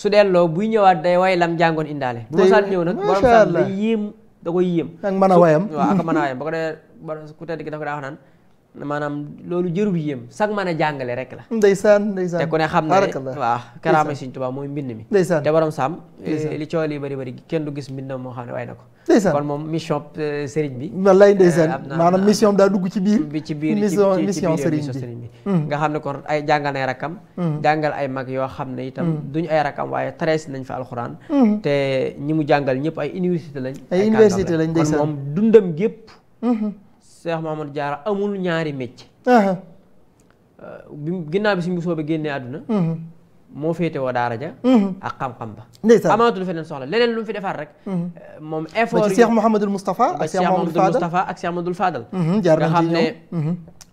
su delloo buy ñëwaat day way lam jàngoon indaale bu mosaan ñëw nag borom saam day yéem da koy yéem ak mën a wayam waaw ak mën a wayam ba ko dee ku tedd ki daf ko daa wax maanaam loolu jërul yéem sag mën a jàngale rek la. ndeysaan ndeysaan te ku ne xam ne waaw karaama Sëriñ Tuubaa mooy mbind mi. ndeysaan te borom saam. Eh, li coow li bari bari kenn du gis mbindam moo xam ne waaye na ko. Eh, bi. wallaay eh, ndeysaan bi hmm. nga xam ne kon ay jàngal ay rakam. Hmm. jàngal ay mag yoo xam ne itam. Hmm. duñ ay rakam waaye treize nañ fa alxuraan. te ñi mu jàngal ñëpp ay université lañ. ay université lañ ndeysaan kon moom dundam gépp Cheikh Mamadou Diarra amul ñaari métier. Euh, bi ginnaaw bi suñu bu soobee génnee àdduna. Mhm. moo féete woo daara ja mhm. ak xam-xam ba amaatul feneen soxla leneen lu mu fi defar rek mhm. euh, moom effort yi Cheikh Mouhamadul Moustapha ak Cheikh Mouhamadul Moustapha ak Cheikh Mouhamadul Fadal nga xam ne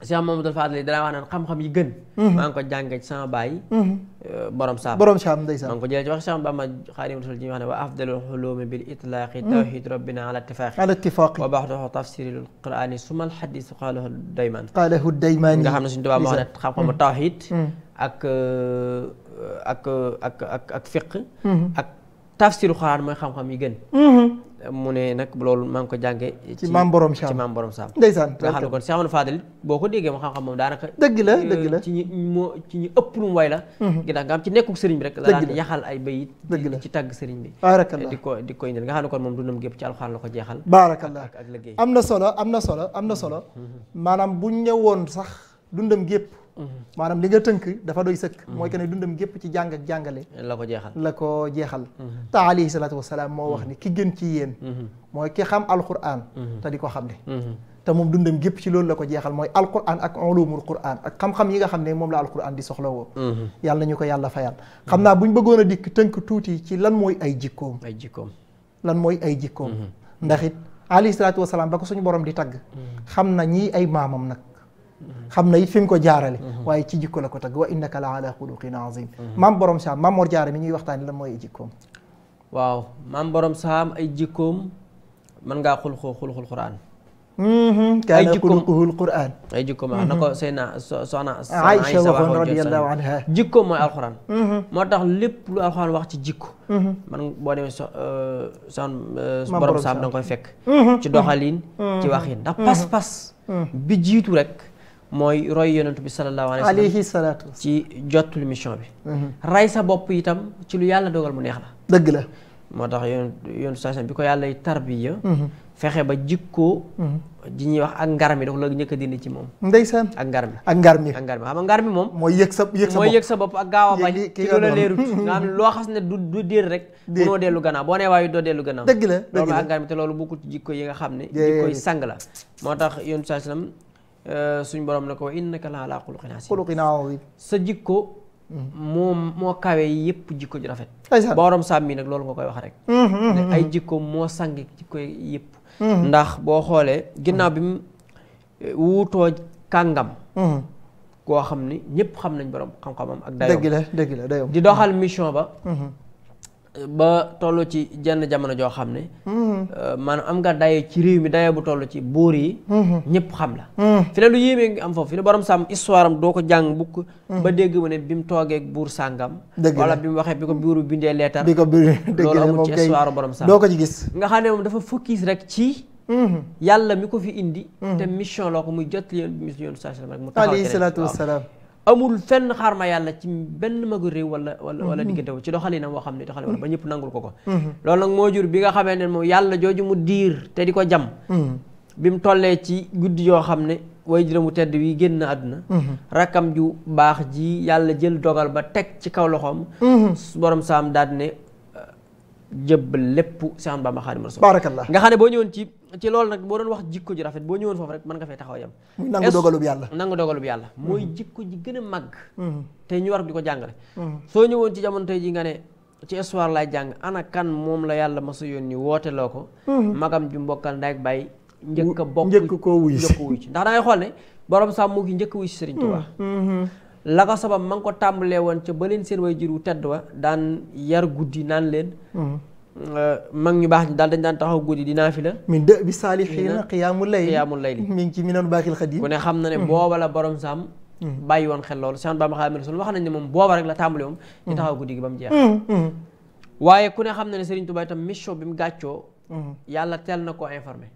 Cheikh Mamadou Fadli danaa wax naan xam-xam yi gën mhm. maa ngi ko jàngee ci sama baay mhm. euh, borom saam borom saam ndeysaan maa ngi ko jëlee ci wax Cheikh Bamba Xaadimu Rasuul ji ñu wax ne wa afdalul xuluumi bil itlaaqi mhm. tawxiid rabbina ala ittifaaqi ala ittifaaqi wa baxdahu tafsirul quraani suma al xadis qaalahu dayman qaalahu dayman nga xam ne suñu tubaab moo wax ne xam-xamu tawxiid euh, ak ak ak ak ak fiq ak tafsiru quraan mooy xam-xam yi gën mu ne nag loolu maa ngi ko jàngee. ci maam borom Saam ci maam borom Saam. ndeysaan nga xam ne kon Cheikh Amadou Fadel boo ko déggee ma xam-xam moom daanaka. dëgg la euh, dëgg la ci ñi moo ci ñi ëpp lu mu way la. Mhm. ginnaaw nga xam la daan yaxal ay bayit. dëgg la ci tàgg sëriñ bi. baarakallah di ko di ne kon moom dundam gépp ci alxuraan la ko jeexal. baarakallah ak ak am na solo am na solo am na solo. Mhm. maanaam bu ñëwoon sax dundam gépp Mm-hmm. maanaam li nga tënk dafa doy sëkk mm-hmm. mooy que ne dundam gépp ci jàng ak jàngale eh, la ko jeexal la ko jeexal mm-hmm. te alayhi salaatu wasalaam moo wax ni ki gën ci yéen mooy ki xam alquran te di ko xam ne te moom dundam gépp ci loolu la ko jeexal mooy alquran ak xam yi nga xam ne moom la alquran di soxla woo yàlla ñu ko yàlla fayal xam naa bu ñu bëggoon a dikk tënk tuuti ci lan mooy ay jikkoom ay jikkoom lan mooy ay jikkoom ndax it alayhi salaatu wasalaam ba ko suñu borom di tagg xam na ñii ay maamam nag xam na it fi mu ko jaarale mhm. waaye ci jikko la ko tagg wa innaka la ala a azim mhm. maam borom saam maam Mor Jaara mi ñuy waxtaani lan mooy a jikkoom waaw maam borom saam ay jikkoom mën ngaa xulxoo a quraan mhm, ay jikkoom xuluquhul quraan ay jikkoom ah, na ko Seyna Soxna Aïcha waxoon radiyallahu anha jikkoom mooy alxuraan moo tax lépp lu alxuraan wax ci jikko man boo so euh, euh, borom saam da nga ci doxalin ci waxin ndax pas-pas bi jiitu rek mooy roy yonent bi sallallahu alayhi salaatu ci jotul mission bi mhm. ray sa bopp itam ci lu yàlla dogal mu neex la dëgg la moo tax yonent yonent station bi ko yàllay tarbiya mhm. fexe ba jikkoo mhm. ji ñuy wax ak ngar mi dafa la njëkk dindi ci moom ndeysaan ak ngar mi ak ngar mi ak ngar mi xam moom mooy yëg sa yëg sa bopp mooy yëg a bañ xam [LAUGHS] ne du du diir rek munoo dellu gannaaw boo nee waayu doo dellu gannaaw dëgg la loolu ak ngar mi yi nga xam ne jikko yi sang Euh, suñ borom ne ko wa innaka la ala xuluqin azim sa jikko hmm. moo moo kawe yëpp jikko ji rafet borom sàmm mi nag loolu nga koy wax rek hmm, hmm, ay jikko moo sang jikko yëpp ndax boo xoolee ginnaaw bi mu eh, wuutoo kàngam koo xam ni ñëpp xam nañ borom xam-xamam ak dayoo dëgg la dëgg la dayoo di doxal mission ba ba toll ci jenn jamono joo xam ne. Mm-hmm. Euh, maanaam am nga daye ci réew mi daye bu toll ci buur yi. Mm-hmm. ñëpp xam la. Mm-hmm. fi ne lu yéeme ngi am foofu fi ne borom sàmm histoire am doo ko jàng bukk. ba mu ne bi mu toogee buur sàngam. wala bi mu waxee bi ko buur bindee leetar. bi ko buur [LAUGHS] loolu amul ci histoire borom sàmm doo ko ci gis. nga xam ne moom dafa focus rek ci. yàlla mi ko fi indi. te mission loo ko muy jot li yoon yoonu saa si rek mu taxaw ci rek amul fenn xar ma yàlla ci benn magu réew wala wala wala mhm. diggante ci doxalinam woo xam ne doxalin wala ba ñëpp nangul ko ko mhm. loolu nag moo jur bi nga xamee ne moom yàlla jooju mu diir te di ko jam mhm. bi mu tollee ci guddi yoo xam ne way jëla mu tedd wi génn àdduna rakkam ju baax ji yàlla jël dogal ba teg ci kaw loxoom borom sa daal ne jëbbal lépp Seex Bamba Xaadimu Rasuul barakallah nga xam ne boo ñëwoon ci ci loolu nag boo doon wax jikko ji rafet boo ñëwoon foofu rek mën nga fay taxaw yam muy nangu dogalub yàlla nangu dogalub yàlla mm-hmm. mooy jikko ji gën a màgg mm-hmm. te ñu war di ko jàngale mm-hmm. soo ñëwoon ci jamono tey ji nga ne ci histoire laay jàng ana kan moom la yàlla masa yónni woote loo ko magam ju mbokkal ndey ak baay njëkk a bokk njëkk koo ndax da ngay xool ne borom sàmm gi njëkk wuy si Sëriñ Tuubaa la ko sabab ma ko tàmbalee woon ca ba leen seen way jur wu tedd wa daan yar guddi naan leen Euh, mag ñu baax ñi daal dañ daan taxaw guddi di naafila min dë bi saalixiina qiyaamul layli qiyaamul layli mi ngi ci minanu baaxil xadim ku ne xam na ne mm-hmm. booba la borom saam mm-hmm. bàyyi woon xel loolu Cheikh Bamba Xaadimu Rasuul wax nañ ne moom booba rek la tàmbali moom di mm-hmm. taxaw guddi gi ba mu jeex waaye ku ne xam na ne Serigne Touba itam mission bi mu gàccoo yàlla teel na koo informé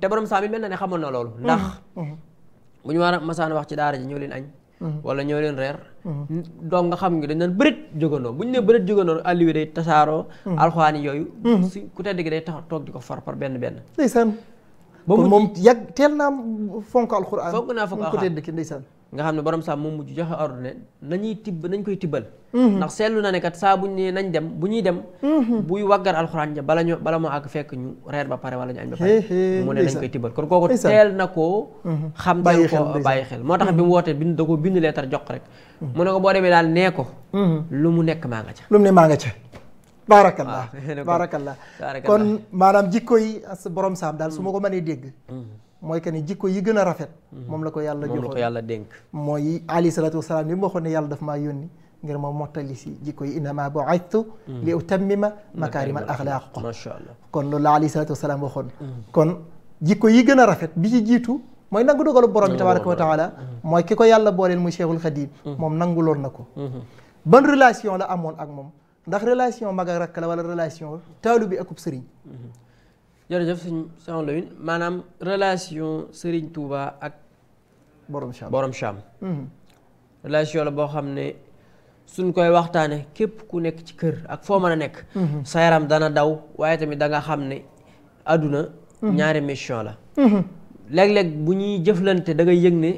te borom saam yi mel na ne xamoon na loolu ndax bu ñu war a wax ci daara ji ñëw wala ñoo leen reer doom nga xam ngi dañ naan bërit jógandoo bu ñu ne bërit jógandoo àlli wi day tasaaroo alxuwaan yooyu su ku tedd gi day toog di ko far par benn benn ndeysaan ba moom yàgg teel naa fonk alxuraan fonk naa fonk alxuraan ku tedd ki ndeysaan nga xam ne borom saam moo mujj joxe ordre ne nañuy tibb nañ koy tibbal mhm. ndax seetlu na ne kat saa ne nañ dem bu ñuy dem mhm. buy waggar alxuraan ja bala ñu bala moo àgg fekk ñu reer ba pare wala ñu añ ba pare mu ne nañ koy tibbal kon kooku teel na mhm. ko xam teel ko bàyyi xel moo tax bi mu wootee bind da ko bind leetar jox rek mu ne ko boo demee daal nee ko lu mu nekk maa nga ca lu mu ne maa nga ca baarakallah [LAUGHS] [LAUGHS] baarakallah kon maanaam jikko yi borom saam daal su ma ko mënee dégg mooy que ni jikko yi gën a rafet. Mm-hmm. moom la ko yàlla joxoon moom la ko yàlla dénk. mooy alayhi salaatu wasalaam li mu waxoon ne yàlla daf maa yónni ngir ma mottali si jikko yi innama bu'ithtu mm-hmm. li utammima makaarima al axlaaq. macha kon loolu la alayhi salaatu wasalaam waxoon. Mm-hmm. kon yi gën a rafet bi ci jiitu. mooy nangu dogalu borom bi tabaraka wa taala mooy ki ko yàlla booleel muy Cheikhul Khadim. moom nanguloon na ko. ban relation la amoon ak moom ndax relation mag ak rakk la wala relation taalu bi akub sëriñ. jërëjëf suñ soxna Lawine maanaam relation Serigne Touba ak. borom Cham borom Cham. Mhm. relation la boo xam ne suñ koy waxtaanee képp ku nekk ci kër ak foo mën a nekk. Mhm. sa yaram dana daw waaye tamit da nga xam ne àdduna. Mhm. ñaari mission la. léeg-léeg bu ñuy jëflante da yëg ne.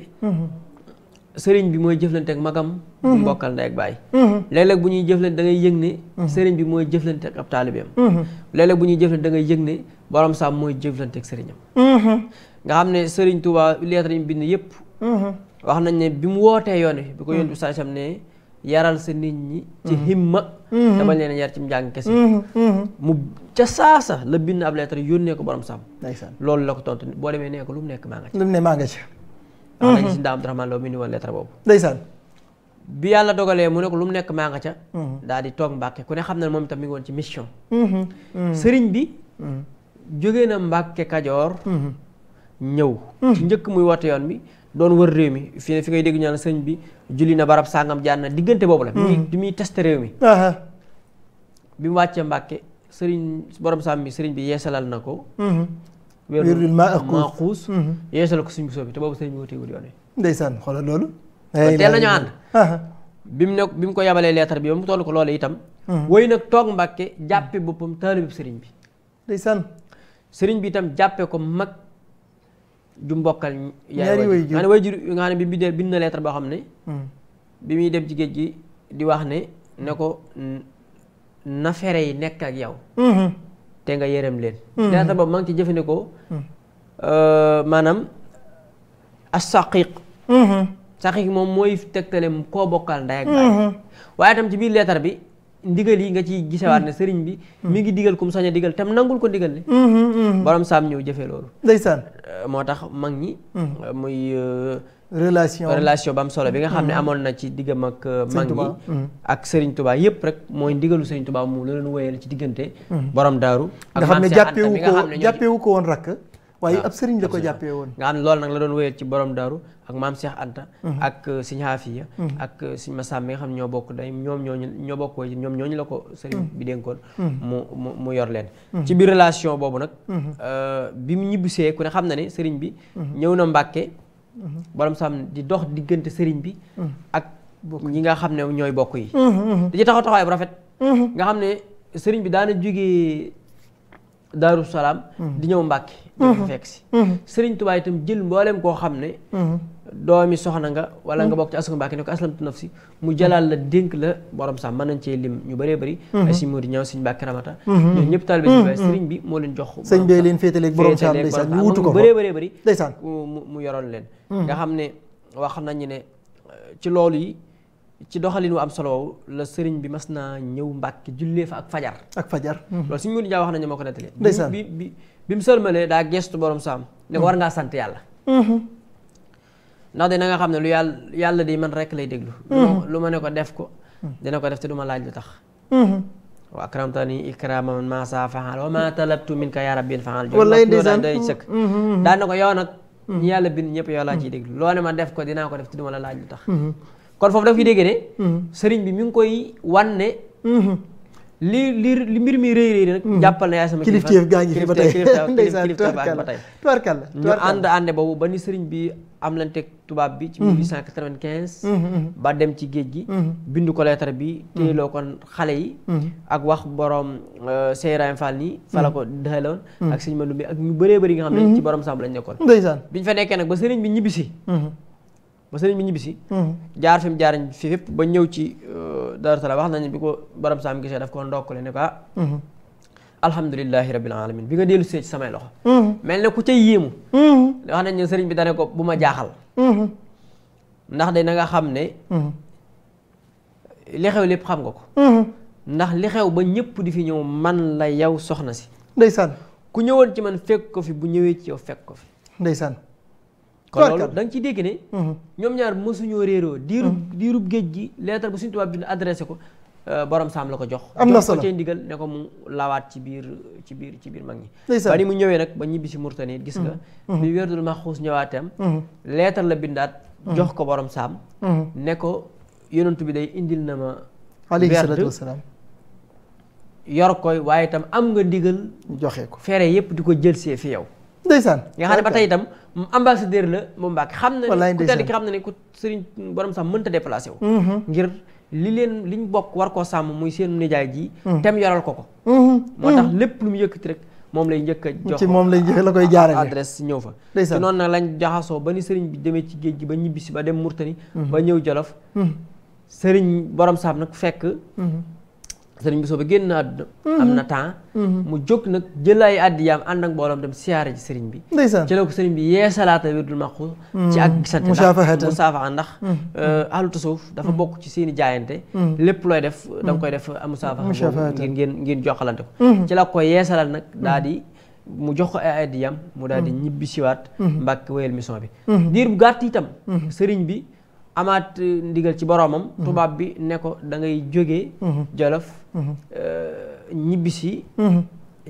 sëriñ bi mooy jëflante ak magam. bu mbokkal mhm. ndey ak baay. Mhm. léeg-léeg bu ñuy jëflante da ngay yëg ne. Mhm. sëriñ bi mooy jëflante ak ab taalibeem. léeg bu ñuy jëflante da ngay yëg ne borom mooy jëflante ak nga xam ne sëriñ Touba lettre bind yëpp. wax nañ ne bi mu wootee yoon bi ko yónni saa sam ne yaral sa nit ñi. ci himma. dama leen yar ci njàng kese. mu ca saasa la bind ab lettre yónnee la ko boo demee nee lu mu nekk maa nga ci. lu mu ne maa nga ci. ndax da mhm. nga gis daa Abdourahmane Lo mu indi woon lettre boobu ndeysaan bi yàlla dogalee mu ne ko lu mu nekk maa nga ca mhm. daal di toog Mbàkke ku ne xam ne moom itam mi ngi woon ci mission mhm. sëriñ bi jógee na Mbàkke Kajoor ñëw njëkk muy woote yoon bi doon wër réew mi fi fi ngay dégg ñaan sëriñ bi julli na barab sàngam jaan na diggante boobu la bi muy testé réew mi bi mu wàccee Mbàkke sëriñ borom sàmm bi sëriñ bi yeesalal na ko wirdul ma ak xuus yeesal ko suñ bu bi te boobu sëriñ bi woote wul yoon yi ndeysaan xoolal loolu teel nañoo ànd bi mu ne bi mu ko yabalee leetar bi ba mu toll ko loolu itam mhm. woy nag toog mbàkke jàppe boppam taalibib sëriñ bi ndeysaan sëriñ bi itam jàppe ko mag ju mbokkal yaay way nga ne way jur nga ne bi bindee bind boo xam ne mhm. muy dem ci géej gi di wax ne ne ko na yi nekk ak yow mhm. te nga yërëm leen. Hmm. théâtre boobu maa ngi ci jëfandikoo. Hmm. Euh, maanaam as-saqiq. Hmm. saqiq moom mooy tegtale koo bokkal ndey ak baay. ci biir leetar bi ndigal yi nga ciy gisewaat ne sëriñ bi. mi ngi digal kum sañ a digal tam nangul ko ndigal li. borom saam ñëw jëfee loolu. ndeysaan euh, moo tax mag ñi. muy. Euh, relation relation ba am solo bi nga xam ne mm-hmm. amoon na ci diggam ak uh, mag ñi mm-hmm. ak Serigne Touba yëpp rek mooy ndigalu Serigne Touba mu la leen wéyal ci mm-hmm. ko jàppewu ko woon rakk waaye ab ko jàppee woon nga xam ne la doon wéyal ci borom daaru ak maam Cheikh Anta ak uh, Serigne Hafiya ak uh, Serigne Massam mi nga xam ne ñoo bokk day ñoom ñooñu ñoo la ko Serigne bi dénkoon mu mu mu yor leen ci biir relation boobu nag bi mu ñibbisee ku ne xam na ne Serigne bi ñëw na Mbàkke borom saam di dox diggante sëriñ bi ak ñi nga xam ne ñooy bokk yi mm-hmm, mm-hmm. da ci taxaw taxawaay bu rafet mm-hmm. nga xam ne sëriñ bi daana jógee daaru salaam di ñëw mbàkke di fekk si sëriñ Tuubaa itam jël mbooleem koo xam ne doomi soxna nga wala nga mm. bokk ci askan Mbàkke ne ko aslamtu nafsi mu jalaal la dénk la borom sax mën nañ cee lim ñu bëree bëri mm-hmm. ay si Mody Niang sëñ Mbàkke Ramata mm-hmm. ñoom ñëpp taalibe bi mm-hmm. sëriñ bi moo leen jox sëñ bi leen féetaleeg borom saam ndeysaan ñu mu ne wax nañu yi ci doxalin wu am la sëriñ bi mas naa ñëw Mbàkke jullee fa ak fajar ak fajar loolu sëñ Mody Niang wax bi bi bi mu sëlmalee daa gestu borom saam ne ko war ngaa sant yàlla ndax dina nga xam ne lu yàlla yàlla di man rek lay déglu mm-hmm. lu ma ne ko def ko mm-hmm. dina ko def te du laaj lu tax mm-hmm. wa akramtani ikrama man masa faal wa ma talabtu minka ya rabbin faal jo daan doy sëkk daan na ko yow nag ñi yàlla bind ñëpp yow laa ciy déglu loo ne ma def ko dinaa ko def te du la laaj lu tax kon foofu daf fi dégg ne sëriñ bi mi koy wan li li li mbir mi rëy rëy rek jàppal na yaay sama kilifteef gaa ngi fi ba tey kilifteef gaa ngi fi ba tey ñu ànd bi am lanteeg tubaab bi. ci 1895. Mhm. Mhm, mhm. ba dem ci géej gi. bindu ko lettre bi. téyeloo ko xale yi. ak wax borom euh, Seyraim Fall nii. fa la ko dëxaloon. ak sëñ Manoumbe ak ñu bëree bëri nga xam ne ci borom Samb lañ nekkoon. ndeysaan biñ fa nekkee nag ba sëriñ bi ñibbisi. ba sëriñ bi ñibbisi. jaar fi mu jaar fi fépp ba ñëw ci euh, Darou Salam wax nañu bi ko borom Samb gisee daf ko ndokkale ne ko ah alhamdulilahi rabbil alamin bi nga dellu see ci samay loxo mhm. mel ne ku ca yéemu mhm. wax nañ ne sëriñ bi dane ko bu ma jaaxal mhm. ndax de na nga xam ne li xew lépp xam nga ko ndax li xew ba ñëpp di fi ñëw man la yow soxna si ndeysaan ku ñëwoon ci man fekk ko fi bu ñëwee ci yow fekk ko fi ndeysaan kon loolu da nga dégg ne ñoom ñaar mësuñoo réeroo diirub diirub géej gi leetar bu suñu tubaab bi adressé ko Euh, borom saam la ko jox. am na solo jox ko cee ndigal ne ko mu lawaat ci biir ci biir ci biir mag ñi. ba ni mu ñëwee nag ba ñibbi si Murtani gis nga. Mm-hmm. Mm-hmm. bi werdul maxuus ñëwaatam. Mm-hmm. leetar la bindaat. jox ko borom saam. ne ko yonent bi day indil na ma. alayhi yor koy waaye itam am nga ndigal. joxe ko fere yëpp di ko jël see fi yow. ndeysaan nga xam ne ba tey itam ambassadeur la moom Mbàkke xam na ne ku tedd ki xam na ne ku sëriñ borom saam mënta déplacé wu. ngir. li leen li ñu bokk war koo sàmm muy seen nijaay ji. Hmm. tem yoral ko ko. Hmm. Hmm. moo tax lépp lu mu yëkkati rek moom lay njëkk a jox moom lay njëkk la koy jaarale adresse ñëw fa. ci noonu nag lañ jaxasoo ba ni sëriñ bi demee ci géej gi ba ñibbisi ba dem Murtani. ba ñëw Jolof. sëriñ borom saam nag fekk. sëriñ bi soo ba génn na àdduna mm-hmm. am na temps mm-hmm. mu jóg nag jël ay addiyaam ànd ak mbooloom dem siyaare ci sëriñ bi ndeysaan ci la ko sëriñ bi yee salaata wirdul maqu mm-hmm. ci ak gisante ndax musaafaxa ndax euh, ahlu dafa bokk ci seeni jaayante lépp looy def da koy def musaafaxa ngeen ngeen ngeen joxalante ko ci la ko yee salaat nag daa di mu jox ko ay addiyam mu daal di ñibbi siwaat mbàkk wéyal mission bi diir bu gàtt itam sëriñ bi amaat ndigal ci boromam mhm. tubaab bi ne ko da ngay jógee. Mhm. jolof mhm. Euh, ñibbisi.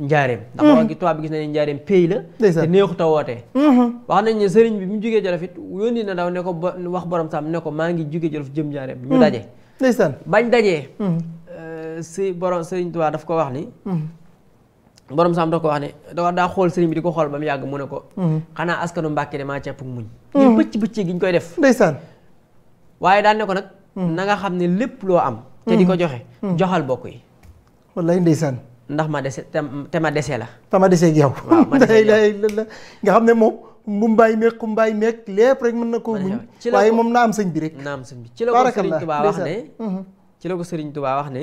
njaareem ndax wax gi tubaab bi gis nañu njaareem pay la te neexut a wootee wax nañ ne sëriñ bi mu jógee jolof it yónni na daw ne ko wax borom saam ne ko maa ngi jógee jolof jëm njaareem ñu daje ndeysaan bañ dajee euh, si borom sëriñ tubaab daf ko wax ni borom saam daf ko wax ne da daa xool sëriñ bi di ko xool ba mu yàgg mu ne ko xanaa askanu mbàkke de maa ceppug muñ ngir bëcc bëccee gi koy def ndeysaan waaye daal ne ko nag hmm. na nga xam ne lépp loo am te di ko hmm. joxe hmm. joxal bokk yi wallaay ndeysaan ndax ma dese te ma dese la te ma dese ak yow [LAUGHS] nga xam ne moom mu mbaay meeg ku mbaay meeg lépp rek mën na koo muñ waaye moom na am sëñ bi rek na am sëñ bi ci la ko Sëriñ Tuubaa wax ne ci la ko Sëriñ Tuubaa wax ne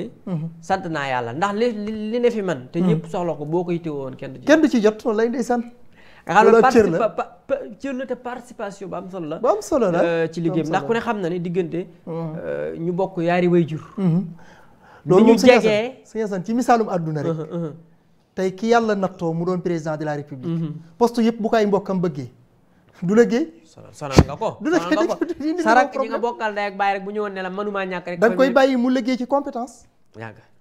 sant naa yàlla ndax li li ne fi man te ñëpp soxla ko boo koy téewoon kenn du ci jot wallaay ndeysaan nga xam ne cër la te participation bu am solo la. bu am solo la euh, ci liggéey ndax ku ne xam na ne diggante. Hmm. Euh, ñu bokk yaari way jur. Hmm. loolu moom suñu yasan ci misaalum àdduna rek. Uh-huh, uh-huh. tey ki yàlla nattoo mu doon président de la république. Mm-hmm. poste yëpp bu ko ay mbokkam bëggee. du la géey. sonal nga ko [LAUGHS] ne la mënumaa ñàkk da nga koy bàyyi mu liggéey ci compétence.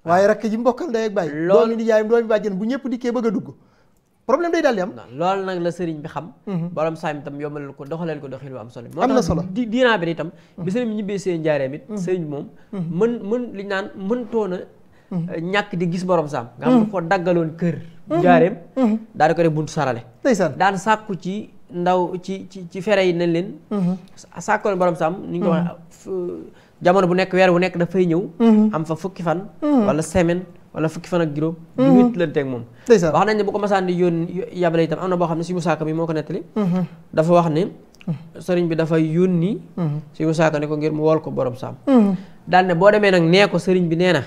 waaye rakk ji mbokkal day ak bàyyi. loolu doomi nijaayam doomi bàjjen bu ñëpp dikkee bëgg a dugg. problème day daal di am. loolu nag la sëriñ bi xam. Mhm. borom saam itam ko doxaleel ko doxil bu am solo. am na solo moo tax diinaa bi itam. bi sëriñ bi ñibbee seen njaareem it. Mhm. sëriñ moom. Mhm. mën mën li naan mëntoon a. Eh, ñàkk di gis borom saam. nga xam ko daggaloon kër. njaareem. daal di ko def buntu sarale. ndeysaan daan sàkku ci ndaw ci ci ci fere yi nañ leen. sàkkoon borom saam. ni ñu ko jamono bu nekk weer bu nekk dafay ñëw. am fa fukki fan. wala semaine. wala fukki fan ak juróom mhm. ñuit lan teeg moom wax nañ ne bu ko masaan di yónni yabale itam am na boo xam ne suñu musaaka bi moo ko nettali mhm. dafa wax ne mhm. sëriñ bi dafa yónni suñu musaaka ne ko ngir mu wol ko borom saam daal ne boo demee nag nee ko sëriñ bi nee na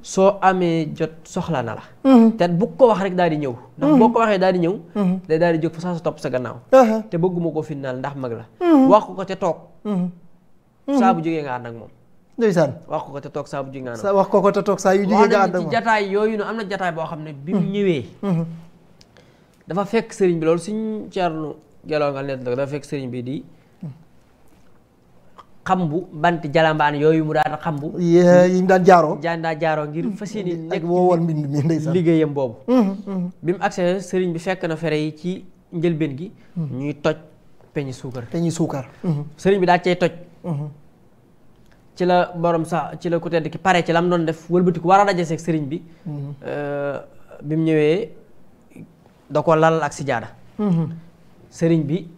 soo amee jot soxla na la te bu ko wax rek daal di ñëw ndax boo ko waxee daal di ñëw day daal di jóg fa saa sa topp sa gannaaw te bëgguma ko finnaal ndax mag la wax ko ko te toog saa bu jógee ndeysaan wax ko ko te toog saa bu jigéen da wax ko ko yooyu nu am na jataay boo xam ne bi mu mm-hmm. ñëwee mm-hmm. dafa fekk sëriñ bi loolu suñ ceernu geloo nga nett dafa fekk sëriñ bi di bu banti jalambaan yooyu mu daan xambu yi ñu daan jaaroo jaan daan jaaroo ngir fas yéene mm-hmm. nekk woowal mbind mi ndeysaan liggéeyam boobu bi mu agsee sëriñ bi fekk na fere yi ci njëlbeen gi ñuy toj peñi suukar sëriñ bi daal cay toj ci la borom sax ci la ku tedd ki pare ci la mu doon def wëlbatiku war a daje sëriñ bi. Mhm. Euh, bi mu ñëwee da ko lal ak sijaada. Mhm. sëriñ bi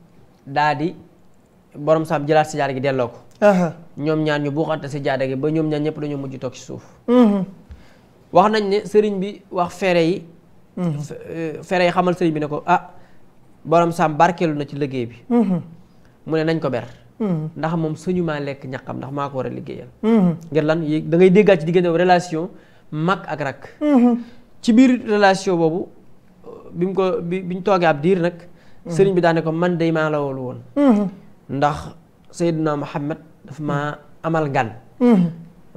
daa di borom sax bi jëlaat sijaada gi delloo ko. ñoom ñaar ñu buuxante sijaada gi ba ñoom ñaar ñëpp dañoo mujj toog ci suuf. Mhm. wax nañ ne sëriñ bi wax fere yi. Euh, fere yi xamal sëriñ bi ne ko ah borom saam barkeelu na ci liggéey bi. mu ne nañ ko ber. Mm-hmm. ndax moom sañu maa lekk ñaqam ndax maa ko war a liggéeyal. Mm-hmm. ngir lan da ngay déggaat ci diggante relation mag ak rak. Mm-hmm. ci biir relation boobu bi mu ko bi bi ñu toogee ab diir nag. sëriñ bi daane ko man day maa la woolu woon. ndax Seydina Muhammad daf maa amal gan.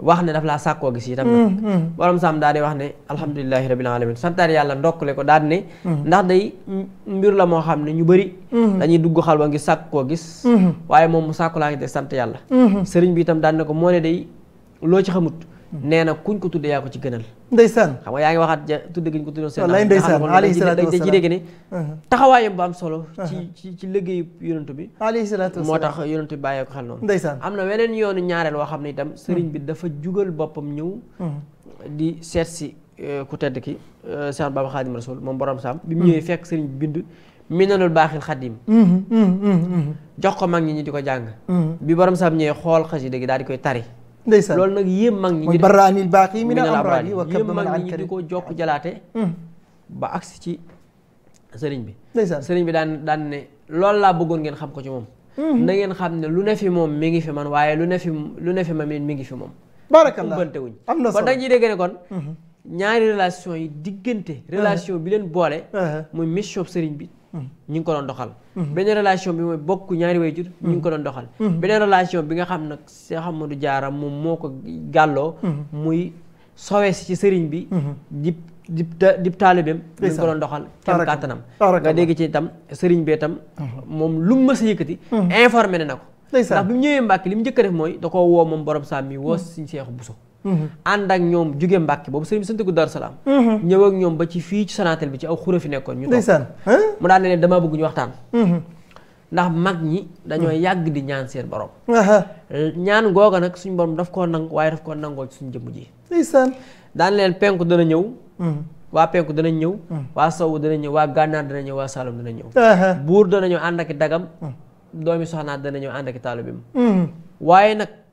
wax ne daf laa sàkkoo gis itam nag mm, mm. borom saam daal di wax ne alhamdulilahi rabbil alamin santaar yàlla ndokkale ko daal ne mm. ndax day mbir la moo xam ne ñu bëri dañuy dugg xalwa ngir sàkk koo gis waaye moom mu sàkku laa ngi te sant yàlla sëriñ bi itam daan ne ko moo ne day loo ci xamut nee na kuñ ko tudde yaa ko ci gënal ndeysaan xam nga yaa ngi waxaat ja tudde giñ ko tudde seen wallaay ndeysaan alayhi salaatu wasalaam uh-huh. ci dégg uh-huh. ci ci ci bi alayhi salaatu wasalaam moo tax yonent bi bàyyee ko xel noonu ndeysaan am na weneen yoonu ñaareel woo xam ne itam uh-huh. sëriñ bi dafa jugal boppam ñëw di seet si uh, ku tedd ki Cheikh uh, Baba Khadim Rasoul moom borom saam bi mu ñëwee fekk sëriñ bi bind minanul baaxil xadim jox ko mag ñi ñi di ko jàng bi borom saam ñëwee xool xasida gi daal di koy tari ndeysaan loolu nag yéem mag ñi. mooy baraanil baaqi min al amraadi wa kabba man an di ko jokk jalaate. Hmm. ba agsi ci sëriñ bi. ndeysaan sëriñ bi daan daan ne lool laa bëggoon ngeen xam ko ci moom. Hmm. nangeen ngeen xam ne lu ne fi moom mi ngi fi man waaye lu ne fi lu ne ma mi ngi fi moom. baarakallah ubbante wuñ am na solo kon dañuy dégg ne kon. Hmm. ñaari relation yi diggante. relation bi leen boole. muy mission sëriñ bi. ñu ngi ko doon doxal mm-hmm. beneen relation bi mooy bokk ñaari wayjur ñu ngi ko doon doxal mm-hmm. Mm-hmm. beneen relation bi nga xam nag Cheikh du Diarra moom moo ko gàlloo muy sowees ci sëriñ bi di di di taalibeem ñu ngi ko doon doxal kem kàttanam nga dégg ci itam sëriñ bi itam moom lu mu mës a yëkkati informé na ko ndax bi mu ñëwee Mbàkke li mu njëkk a def mooy da koo woo moom borom saam mi woo Sëriñ Seexu Buso Mm-hmm. ànd ak ñoom jóge Mbàkke boobu sëriñ bi sant ko Daaru Salaam mm-hmm. ñoom ba ci fii ci Sonatel bi ci aw xura fi nekkoon ñu toog mu daal ne dama bëgg ñu waxtaan mm-hmm. ndax mag ñi dañoo yàgg di ñaan seen borom ñaan googa nag suñ borom daf koo nangu waaye daf koo nangoo ci suñ jëmm ji ndeysaan daan leen penku dana ñëw waa penku dana ñëw waa sowu dana ñëw waa gànnaar dana ñëw waa saalum dana ñëw buur dana ñëw ànd ak dagam doomi soxnaat dana ñëw ànd ak taalu bi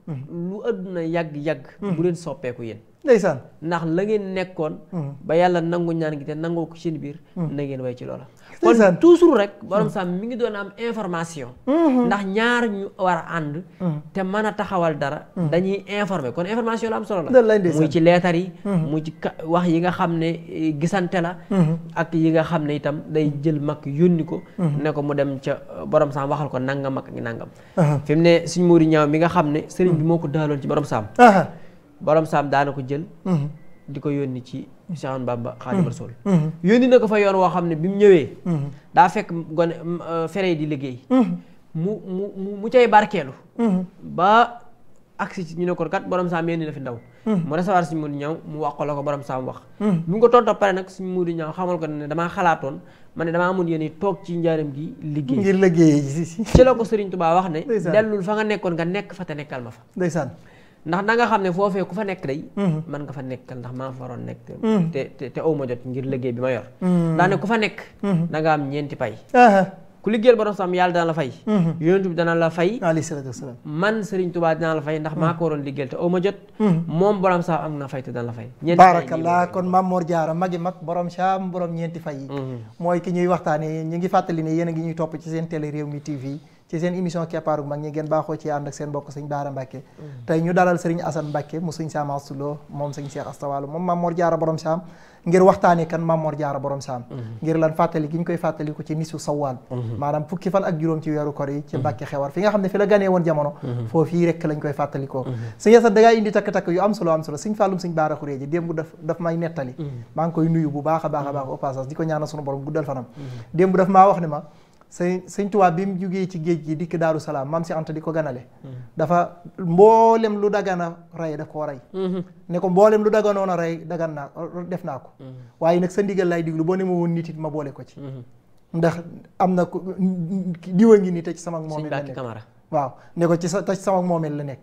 Mm-hmm. lu àdduna yàgg-yàgg mm-hmm. bu leen soppeeku yéen ndeysaan ndax la ngeen nekkoon mm-hmm. ba yàlla nangu ñaan gi te nangoo ko seen biir na ngeen way ci loola kon toujours rek borom mm. saam mu ngi doon am information mm-hmm. ndax ñaar ñu war a ànd mm. te mën a taxawal dara mm. dañuy informer kon information la am solo la muy ci leetar yi mm-hmm. mu ci wax yi nga xam ne eh, gisante la mm-hmm. ak yi nga xam ne itam day jël mag yónni ko ne mu dem ca eh, borom saam waxal ko nangam ak nangam uh-huh. fi mu ne suñ Mouride ñaaw mi nga xam ne sëriñ bi moo ko daaloon ci borom saam uh-huh. borom saam daana ko jël di ko yónni ci Cheikh Ahmadou Bamba hmm. Xaadimu Rasuul hmm. yónni na ko fa yoon woo xam ne bi mu ñëwee hmm. daa fekk gone euh, fere di liggéey mu mu mu cay barkeelu ba agsi ci ñu ne kon kat borom saam yónni na fi ndaw mu recevoir suñu mudu ñaw mu wax ko la ko borom saam wax bi mu ko tontoo pare nag suñu mudu ñaw xamal ko ne damaa xalaatoon ma ne damaa amoon yéene toog ci njaaram gi liggéey ngir liggéey ci la ko Sëriñ Tuubaa wax ne dellul fa nga nekkoon nga nekk fa te nekkal ma fa ndax na nga xam ne foofee ku fa nekk day man mhm. nga fa nekk ndax maa fa waroon nekk mhm. te te aw ma jot ngir liggéey bi ma yor mhm. ne ku fa nekk da nga am ñeenti pay ku liggéeyal borom sam yàlla dana la fay yonent bi dana la fay alayhi salaatu wasalaam man Serigne Touba dana la ndax maa ko waroon liggéeyal te aw ma jot moom borom sam am na fay te dana la fay ñeenti la kon Mame Mor Diarra magi mag borom sam borom ñeenti fay yi mooy ki ñuy waxtaane ñi ngi fàttali ne yéen a ngi ñuy topp ci seen télé réew mi TV ci seen émission keppaaru mag ñi ngeen baaxoo ci ànd ak seen bokk sëñ Baara Mbàkke mm. tey ñu dalal sëriñ Assane Mbàkke mu sëñ Saam Astu moom sëñ Cheikh Astawalu moom mm-hmm. mm-hmm. fukki fan ak juróom ci weeru kor yi ci mm-hmm. Mbàkke xewar fi nga xam ne fi la ganee woon jamono foofu yi rekk lañ koy fàttali ko sëñ Assane indi takk-takk yu am solo am solo sëñ Fàllum sëñ Baara Xuréeji démb daf may nettali maa ngi koy nuyu bu baax a baax a baax au passage di ko ñaanal sunu borom guddal sëñ sëñ Tuubaa bi mu jógee ci géej gi dikk Daaru Salaam mam si Anta di ko ganale. Hmm. dafa mboolem lu dagana rey daf koo rey. Hmm. ne ko mboolem lu daganoon a rey dagan naa def naa ko. Hmm. waaye nag sa ndigal lay diglu boo ne ma woon nit ma boole ko ci. ndax am na ku diwa ngi nii te ci sama moomeel la nekk waaw ne ko ci sa te ci sama moomeel la nekk.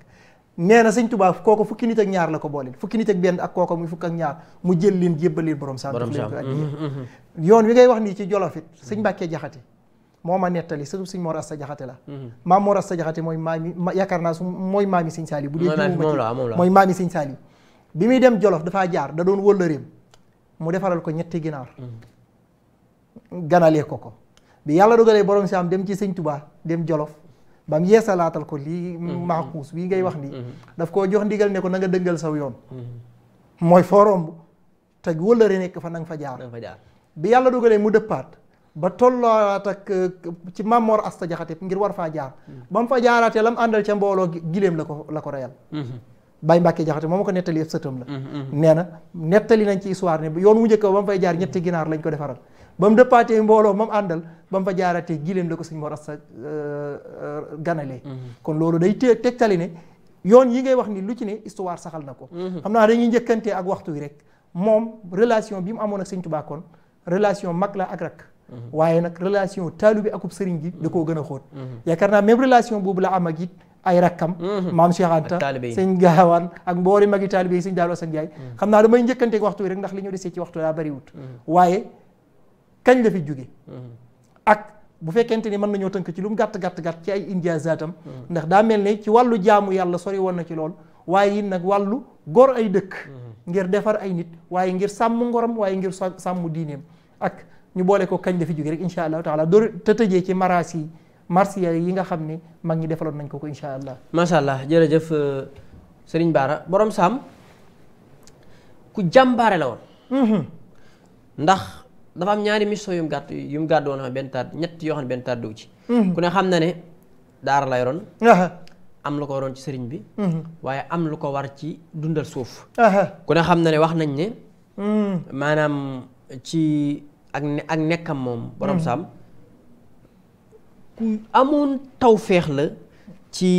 nee na sañ Tuubaa kooku fukki nit ak ñaar la ko booleel fukki nit ak benn ak kooku muy fukk ak ñaar mu jël leen jébbal leen borom. borom saam yoon wi ngay wax nii ci jolofit sëñ Mbàkke jaxate moo ma nettali surtout suñ Mor sa Jaxate la mhm. maam Mor Asta Jaxate mooy maami yaakaar naa su mooy maami Sëñ Saaliw bu dee mooy maami Sëñ Saaliw bi muy dem Jolof dafaa jaar da doon wëllëreem mu defaral ko ñetti ginaar mhm. ko ko bi yàlla dogalee borom si am dem ci sëñ Tuubaa dem Jolof ba mu yeesalaatal ko lii mhm. maaxuus wii ngay wax nii daf koo jox ndigal ne ko na nga dëngal saw yoon mooy foo romb te wëllëre nekk fa na nga fa jaar bi yàlla dogalee mu dëppaat ba tolloowaat ak ci maam Mamor Asta Jaxate ngir war faa jaar ba mu fa jaaraatee la mu àndal ca mbooloo gileem la ko la ko reyal mm-hmm. Baye Mbàkke Jaxate moom ma ko nettali yëpp sëtam la mm-hmm. nee na nettali nañ ci histoire ne yoon wu njëkk ba mu fay jaar ñetti ginaar lañ ko defaral ba mu dëppaatee mbooloo ma mu àndal ba mu fa jaaraatee gileem la ko suñ Mor Asta euh, euh, ganalee mm-hmm. kon loolu day te tegtali ne yoon yi ngay wax ni lu ci ne histoire saxal na ko xam naa dañuy njëkkantee ak waxtu wi rek moom relation bi mu amoon ak Sëñ tubaakoon kon relation mag la ak rak Mm-hmm. waaye nag relation taalibe akub sëriñ gi da koo gën a mm-hmm. xóot mm-hmm. yaakaar naa même relation boobu la am ak it ay rakkam maam Cheikh Anta sëñ gaawaan ak mboori magi taalibe yi sëñ Daalu Asan Njaay xam naa damay njëkkanteeg waxtu wi rek ndax li ñu desee kañ la fi jóge ak bu fekkente ni mën nañoo tënk ci lu mu gàtt gàtt gàtt ci ay injazaatam ndax daa mel ne ci wàllu jaamu yàlla sori woon na ci lool waaye it nag wàllu gor ay dëkk ngir defar ay nit waaye ngir sàmm ngoram waaye ngir sàmm diineem ñu boole ko kañ la fi jóge rek incha allahu taala door te tëjee ci maraas yi marsiya yi nga xam ne mag ñi defaloon nañ ko ko incha allah. macha allah sëriñ euh, Baara borom Saam ku jàmbaare la woon. Mhm. ndax dafa am ñaari mission yu mu gàtt yu mu gàddu woon xam benn taat ñett yoo xam ne benn taat dugg ci. Mhm. ku ne xam na ne daara la yoroon. am lu ko waroon ci sëriñ bi. Mhm. waaye am lu ko war ci dundal suuf. ku ne xam na ne wax nañ ne. maanaam ci. ak ak nekkam moom borom hmm. saam ku amoon tawféex la ci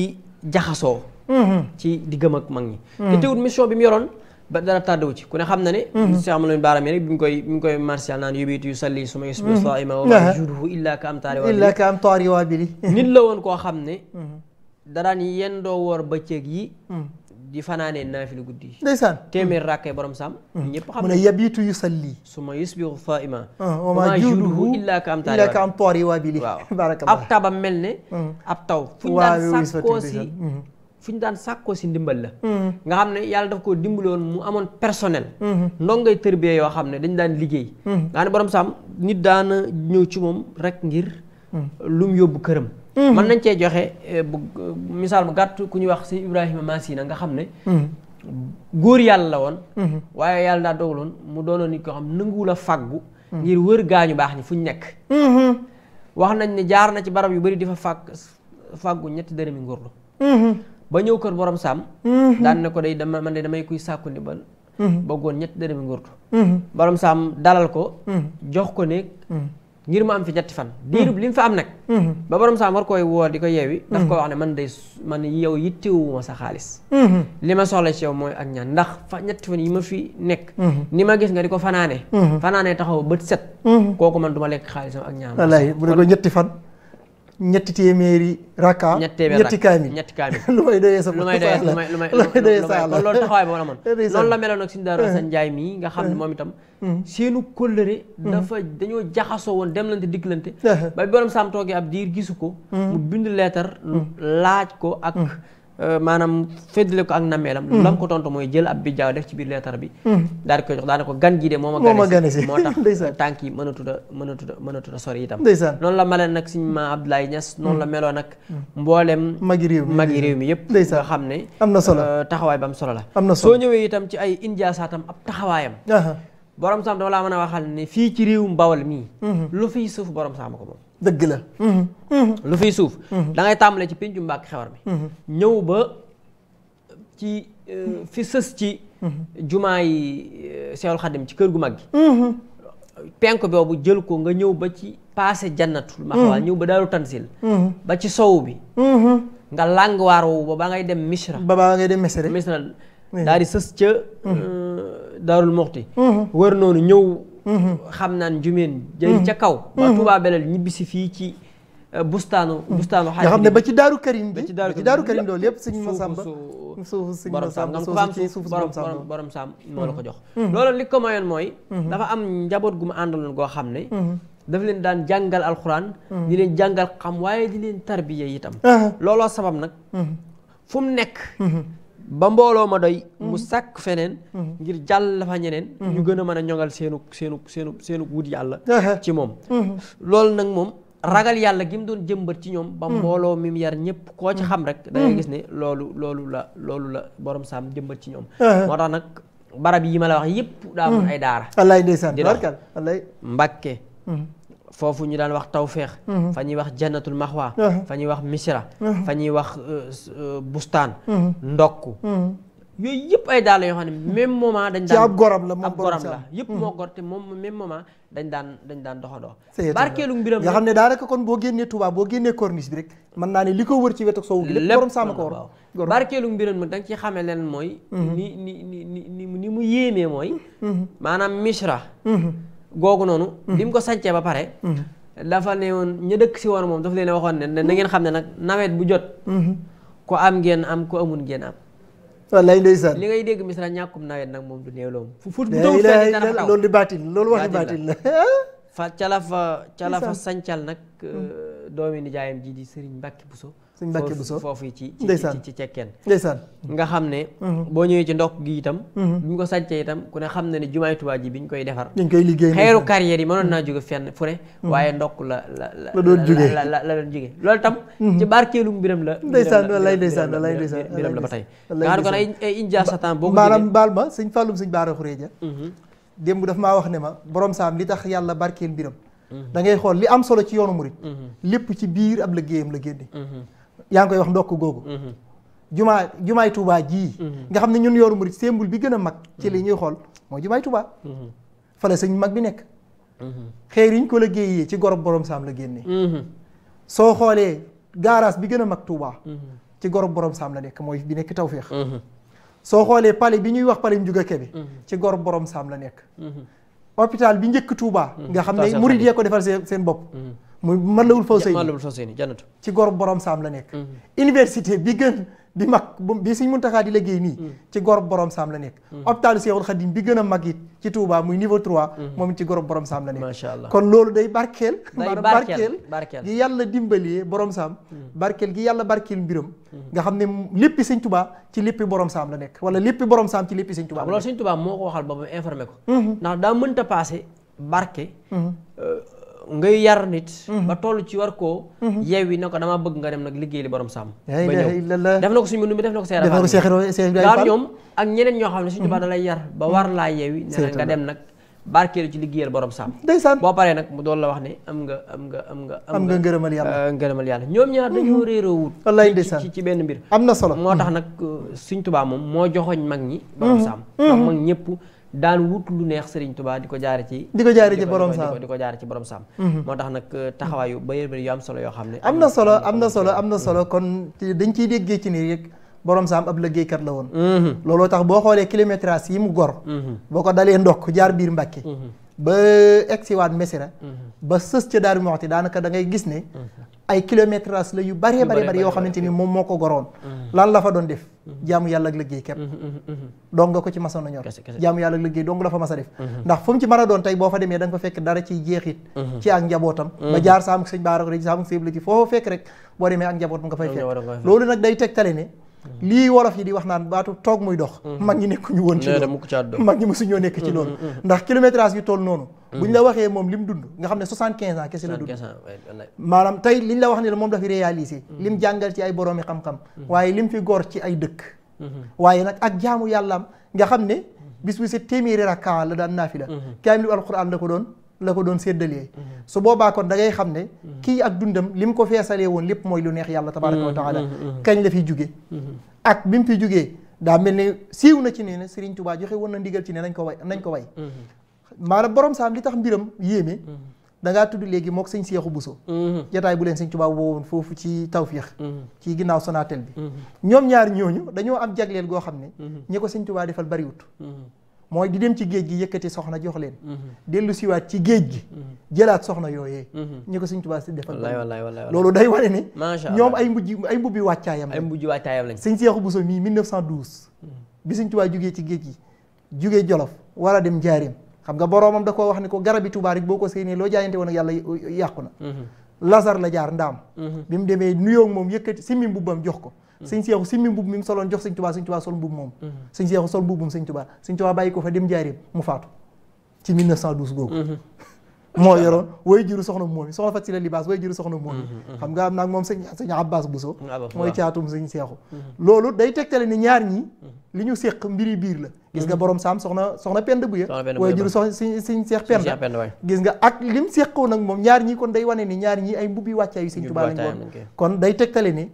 jaxasoo hmm. ci di gëm ak mag ñi hmm. te teewut mission bi mu yoroon ba dara tàddawu ci ku ne xam na ne si amaloon baaram yi rek bi mu koy bi koy naan yóbbiitu yu salli su ma yusbi saima wa juduhu illa ka am taari wa illa ka am taari wa bili nit la woon koo xam ne [LAUGHS] daraan yendoo woor bëccëg yi di fanaanee naafilu guddi yi ndeysaan téeméer rakkay borom sàmm mm. ñëpp xam mu ne yabiitu yusalli suma yusbiru saima ah, wama juuduhu illa ka am taari illa ka am taari waa bi li [LAUGHS] baraka ab tabam mel ne mm. ab taw fu ñu daan mm. si ndimbal la nga xam ne yàlla daf koo dimbaloon mu amoon personnel mm-hmm. ndongay tërbiyee yoo xam ne dañ daan liggéey nga xam ne borom sàmm nit daana ñëw ci rek ngir lum yóbbu këram Mm-hmm. mën nañ cee joxe eh, bu misaal mu gàtt ku ñuy wax si Ibrahima Masina nga xam ne. Mm-hmm. góor yàlla la woon. Mm-hmm. waaye yàlla daa dogaloon mu doonoon nit koo xam ngir wër gaañu baax ñi fu ñu nekk. wax nañ ne jaar na ci barab yu bari di fa fàgg fàggu ñetti dërëmi ngurdu. ba borom saam. daan ko day dama man de damay kuy sàkku ndimbal. bëggoon ñetti dërëmi ngurdu. borom saam dalal ko. jox ko nekk. ngir mu am fi ñetti fan. diirub hmm. li mu fa am nag. Hmm. ba borom saam war koy woor di ko yeewi. daf hmm. ko wax ne man day man yow yittewuma sa xaalis. li ma soxla ci yow mooy ak ñaan ndax fa ñetti fan yi ma fi nekk. ni ma gis nga di ko fanaane. fanaane taxaw bët set. kooku man du ma lekk xaalisam ak ñaan. wallaahi bu ne ko ñetti fan. ñetti téeméeri rakka ñetti kaamil ñetti kaamil [LAUGHS] lu may doyee sa lu may doyee sa loolu taxawaay boobu la man [LAUGHS] loolu la meloon nag suñu daara sa njaay mii nga xam ne moom itam hmm. seenu kóllëre hmm. dafa dañoo jaxasoo woon dem lante dikkalante [LAUGHS] ba borom saam toogee ab diir gisu ko hmm. mu bind leetar laaj ko ak Euh, maanaam féddale ko ak nameelam lu mm. lam ko tontu mooy jël ab bijaaw def ci biir leetar bi mm. daal di koy jox daana ko gan ji de moo ma gane moo tax [LAUGHS] tànk yi mënatut a mënatut a a sori itam mm. noonu la meloon nag ma Abdoulaye Niass noonu la meloon nag mboolem magi réew réew mi yëpp xam ne am na solo euh, taxawaay ba am solo la am na soo ñëwee itam ci ay injaasaatam ab taxawaayam borom saam dama laa mën a waxal ne fii ci réewum bawal mii mm-hmm. lu fiy suuf borom saama ko moom dëgg la. Mm-hmm. lu fiy suuf. Mm-hmm. da tàmbalee ci pincu mbàkk xewar bi. Mm-hmm. ñëw ba ci euh, fi sës ci. jumaa yi euh, Seexul Xadim ci kër gu mag gi. penk boobu jël ko nga ñëw ba ci paase jannatul maxwa ñëw ba daaru tansil ba ci sow bi nga làng waar woowu ba ba ngay dem misra ba ba ngay dem misra daal di sës ca euh, daarul muxti wër noonu ñëw xam naan jumeen jëy ca kaw ba Touba Belel ñibbisi fii ci bustaanu bustaanu xaaj nga xam ne ba ci daaru karim bi ba ci daaru karim loolu yëpp sëñ Masamba suufu sëñ Masamba soosu suufu borom saam borom la ko jox loolu li ko mayoon mooy dafa am njaboot gu ma àndaloon goo xam ne dafa leen daan jàngal alxuraan di leen jàngal xam waaye di leen tarbiya itam looloo sabab nag fu mu nekk ba mbooloo ma doy mm-hmm. mu sàkk feneen mm-hmm. ngir jàll fa ñeneen ñu mm-hmm. gën a mën a ñoŋal seenu seenu seenu seenu wut yàlla ci moom loolu nag moom ragal yàlla gi mu doon jëmbat ci ñoom ba mbooloo mi mu yar ñëpp koo ci xam rek da ngay gis ne loolu loolu la loolu la borom saam jëmbat ci ñoom moo tax nag barab yi ma la wax yëpp daa amoon ay daara wallaay ndeysaan barkal wallaay foofu ñu daan wax tawféex mhm. fa ñuy wax jannatul maxwa mhm. fa ñuy wax misra mhm. fa ñuy wax euh, euh, bustaan ndokk yooyu yëpp ay daal la yoo xam ne même moment dañ daan ab gorab la ab gorab la yëpp moo gor te moom même moment dañ daan dañ daan doxandoo barkeelu mbiram nga xam ne daa rek kon boo génnee Touba boo génnee corniche bi rek mën naa ne li ko wër ci wetu sowu gi lépp borom sàmm ko war barkeelu mbiram nag da nga ci xamee leen mooy ni ni ni ni ni mu yéemee mooy maanaam misra googu noonu mm. bi mu ko sancee ba pare mm. dafa ne woon ña dëkk si woon moom dafa leen waxoon ne na ngeen xam ne nag nawet bu jot mm-hmm. ku am ngeen am ku amul ngeen am wallaay ndeysaan li ngay dégg misra ñàkkum nawet nag moom du néew loolu fu loolu di baatin loolu waxi baatin la [LAUGHS] fa cala fa cala sancal nag mm. euh, doomi nijaayam ji di Sëriñ Mbàkke Buso suñ Mbàkke Buso foofu ci ci cekkeen ndeysaan nga xam ne mhm. boo ñëwee ci ndokk gi itam mhm. bi ñu ko sàncee itam ku ne xam na ne jumaay Tuubaa ji bi ñu koy defar dañ koy liggéey xeeru carrière yi mënoon naa mhm. jóge fenn fu ne waaye ndokk la la la doon jóge la la doon jóge loolu itam ci barkeelu mbiram la ndeysaan wallaay ndeysaan wallaay ndeysaan mbiram la ba tey nga xam ne kon ay india satan boo maanaam baal ma sëñ Fallum sëñ Baara Xureeja démb daf maa wax ne ma borom saam li tax yàlla barkeel mbiram da ngay xool li am solo ci yoonu murit lépp ci biir ab liggéeyam la génne yaa ngi koy wax ndokk googu mm-hmm. jumaa jumaay tuubaa jii mm-hmm. nga xam ne ñun yoru murid symbole bi gën a mag ci li mm-hmm. ñuy xool mooy jumaay Touba fa la sëñ mag bi nekk xeer yiñ ko la géeyee ci gorob borom saam la génnee xoolee garage bi gën a mag Touba ci gorob borom saam la nekk mooy bi nekk tawféex soo xoolee pale bi ñuy wax pale Njuga bi ci gorob borom saam la nekk hôpital bi njëkk tuubaa nga xam ne murid yee ko defal seen bopp muy Matlabul Fawzayni Matlabul Fawzayni jannatu ci gor borom saam la nekk. Mhm. université bi gën bi mag bi Sëriñ Muntaxa di liggéey nii. Mhm. ci gor borom saam la nekk. Mhm. hôpital Seexul Xadim bi gën a mag it ci Touba muy niveau 3. moom it ci borom saam la nekk. macha allah kon loolu day barkeel. [LAUGHS] day barkeel barkeel gi yàlla dimbalee borom saam. barkeel gi yàlla barkeel mbiram. nga xam ne léppi Sëriñ Touba ci léppi borom saam la nekk wala léppi borom saam ci léppi Sëriñ Touba. waaw loolu Sëriñ Touba moo ko ba mu informé ngay yar nit. Mhm. ba toll ci war koo. Mhm. yeewi na ko dama bëgg nga dem nag liggéey li borom sàmm. ba ñëw def na ko suñu mbindum bi def na ko seera faal ñoom ak ñeneen ñoo xam ne mhm. ba da lay yar ba war laa yeewi ne nga dem nag barkeelu ci liggéeyal borom sàmm ndeysaan boo paree nag mu doon la wax ne am nga am nga am nga am nga ngërëmal yàlla euh, ngërëmal yàlla ñoom ñaar dañoo réeroo wut wallaay ndeysaan ci ci benn mbir am na solo moo tax nag euh, suñ tubaa moom moo joxoñ mag ñi borom sàmm mag ñëpp daan wut lu neex Serigne tubaa di ko jaare ci. di ko jaare ci borom saam di ko jaare ci borom saam. Mhm. moo tax nag euh, taxawaayu ba yéen yu am solo yoo xam ne. am na solo am na solo am na solo kon dañ ciy déggee ci nii rek borom saam ab liggéeykat la woon. Mhm. looloo tax boo xoolee kilométrage yi mu gor. Mhm. boo ko dalee ndokk jaar biir Mbàkke. ba egsiwaat Mesira mhm. ba sës ca Daaru Muxti daanaka da ngay gis ne mhm. ay kilométrage la yu bëree bëri bëri yoo xamante ni moom moo ko goroon mhm. lan la fa doon def jaamu yàlla ak liggéey képp dong nga ko ci masoon na ñor jaamu yàlla ak liggéey dong la fa mas a def ndax fu mu ci mën doon tey boo fa demee da nga fa fekk dara ciy jeexit ci ak njabootam ba jaar saamuk sëñ baarako rek saamuk sëñ bi foo fekk rek boo demee ak njabootam nga fay fekk loolu nag day tegtale Mm-hmm. lii wolof yi di wax naan baatu toog muy dox mm-hmm. mag ñi nekkuñu woon ci loolu mag ñi ñoo nekk ci mm-hmm, loolu ndax kilométrage yu toll noonu bu ñu la waxee moom lim dund nga xam ne soixante quinze ans kese la dund maanaam tey liñ la wax ne la moom dafi réalisé lim jàngal ci ay boroomi xam-xam waaye lim fi gor ci ay dëkk waaye nag ak jaamu yàllaam nga xam ne bis bu set téeméeri rakkaa la daan naa naafila kaamilu alquran la ko doon la ko doon séddalee mhm. su boobaa kon da ngay xam ne mhm. kii ak dundam li mu ko feesalee woon lépp mooy lu neex yàlla tabaraka wa mhm. taala kañ la fi jugee ak bi mu fi jógee daa mel ne siiw na ci ne ne Serigne Touba joxe woon na ndigal ci ne nañ ko way nañ ko way maanaam borom saam li tax mbiram yéeme dangaa tudd léegi mook sëñ Seexu so jataay bu leen sëñ Tuubaa woowoon foofu ci tawfiix ci ginnaaw Sonatel bi ñoom ñaar ñooñu dañoo am jagleel goo xam ne ñi ko sëñ Tuubaa defal bariwut mooy di dem ci géej gi yëkkati soxna jox leen mhm. dellu siwaat ci géej gi mhm. jëlaat soxna yooyee mhm. ñi ko suñ tubaab si defal loolu day wane ne ñoom ay mbujj ay mbubbi wàccaayam ay mbujj wàccaayam lañ sëñ Seexu Buso mii 1912 bi suñ tubaab jugee ci géej gi jugee Jolof war a dem Njaaréem xam nga boroomam da koo wax ne ko garabi Tuubaa rek boo ko séenee loo jaayante woon ak yàlla yàqu na Lazare la jaar ndaam bi mu demee nuyoo moom yëkkati simmi mbubbam jox ko Mm-hmm. sëñ seexu simmi mbubb mi mu soloon jox sëñ tubaa sëñ tubaa sol mbubb moom mm-hmm. sëñ seexu sol mbubbum sëñ tubaa sëñ tubaa bàyyi ko fa dem jaareem mu faatu ci 1912 googu mm-hmm. [LAUGHS] moo yoroon way moom soxna fat si la libaas way juru soxna moom xam nga am naag moom sëñ sëñ abbas buso mooy caatum sëñ seexu loolu day tegtale ni ñaar ñi li ñu séq mbiri biir la gis nga borom saam soxna pend bu ya way juru soxna sëñ seex pend gis nga ak lim séqoo nag moom ñaar ñi kon day wane ni ñaar ñi ay mbubbi wàccaayu sëñ tubaa lañ woon kon day tegtale ni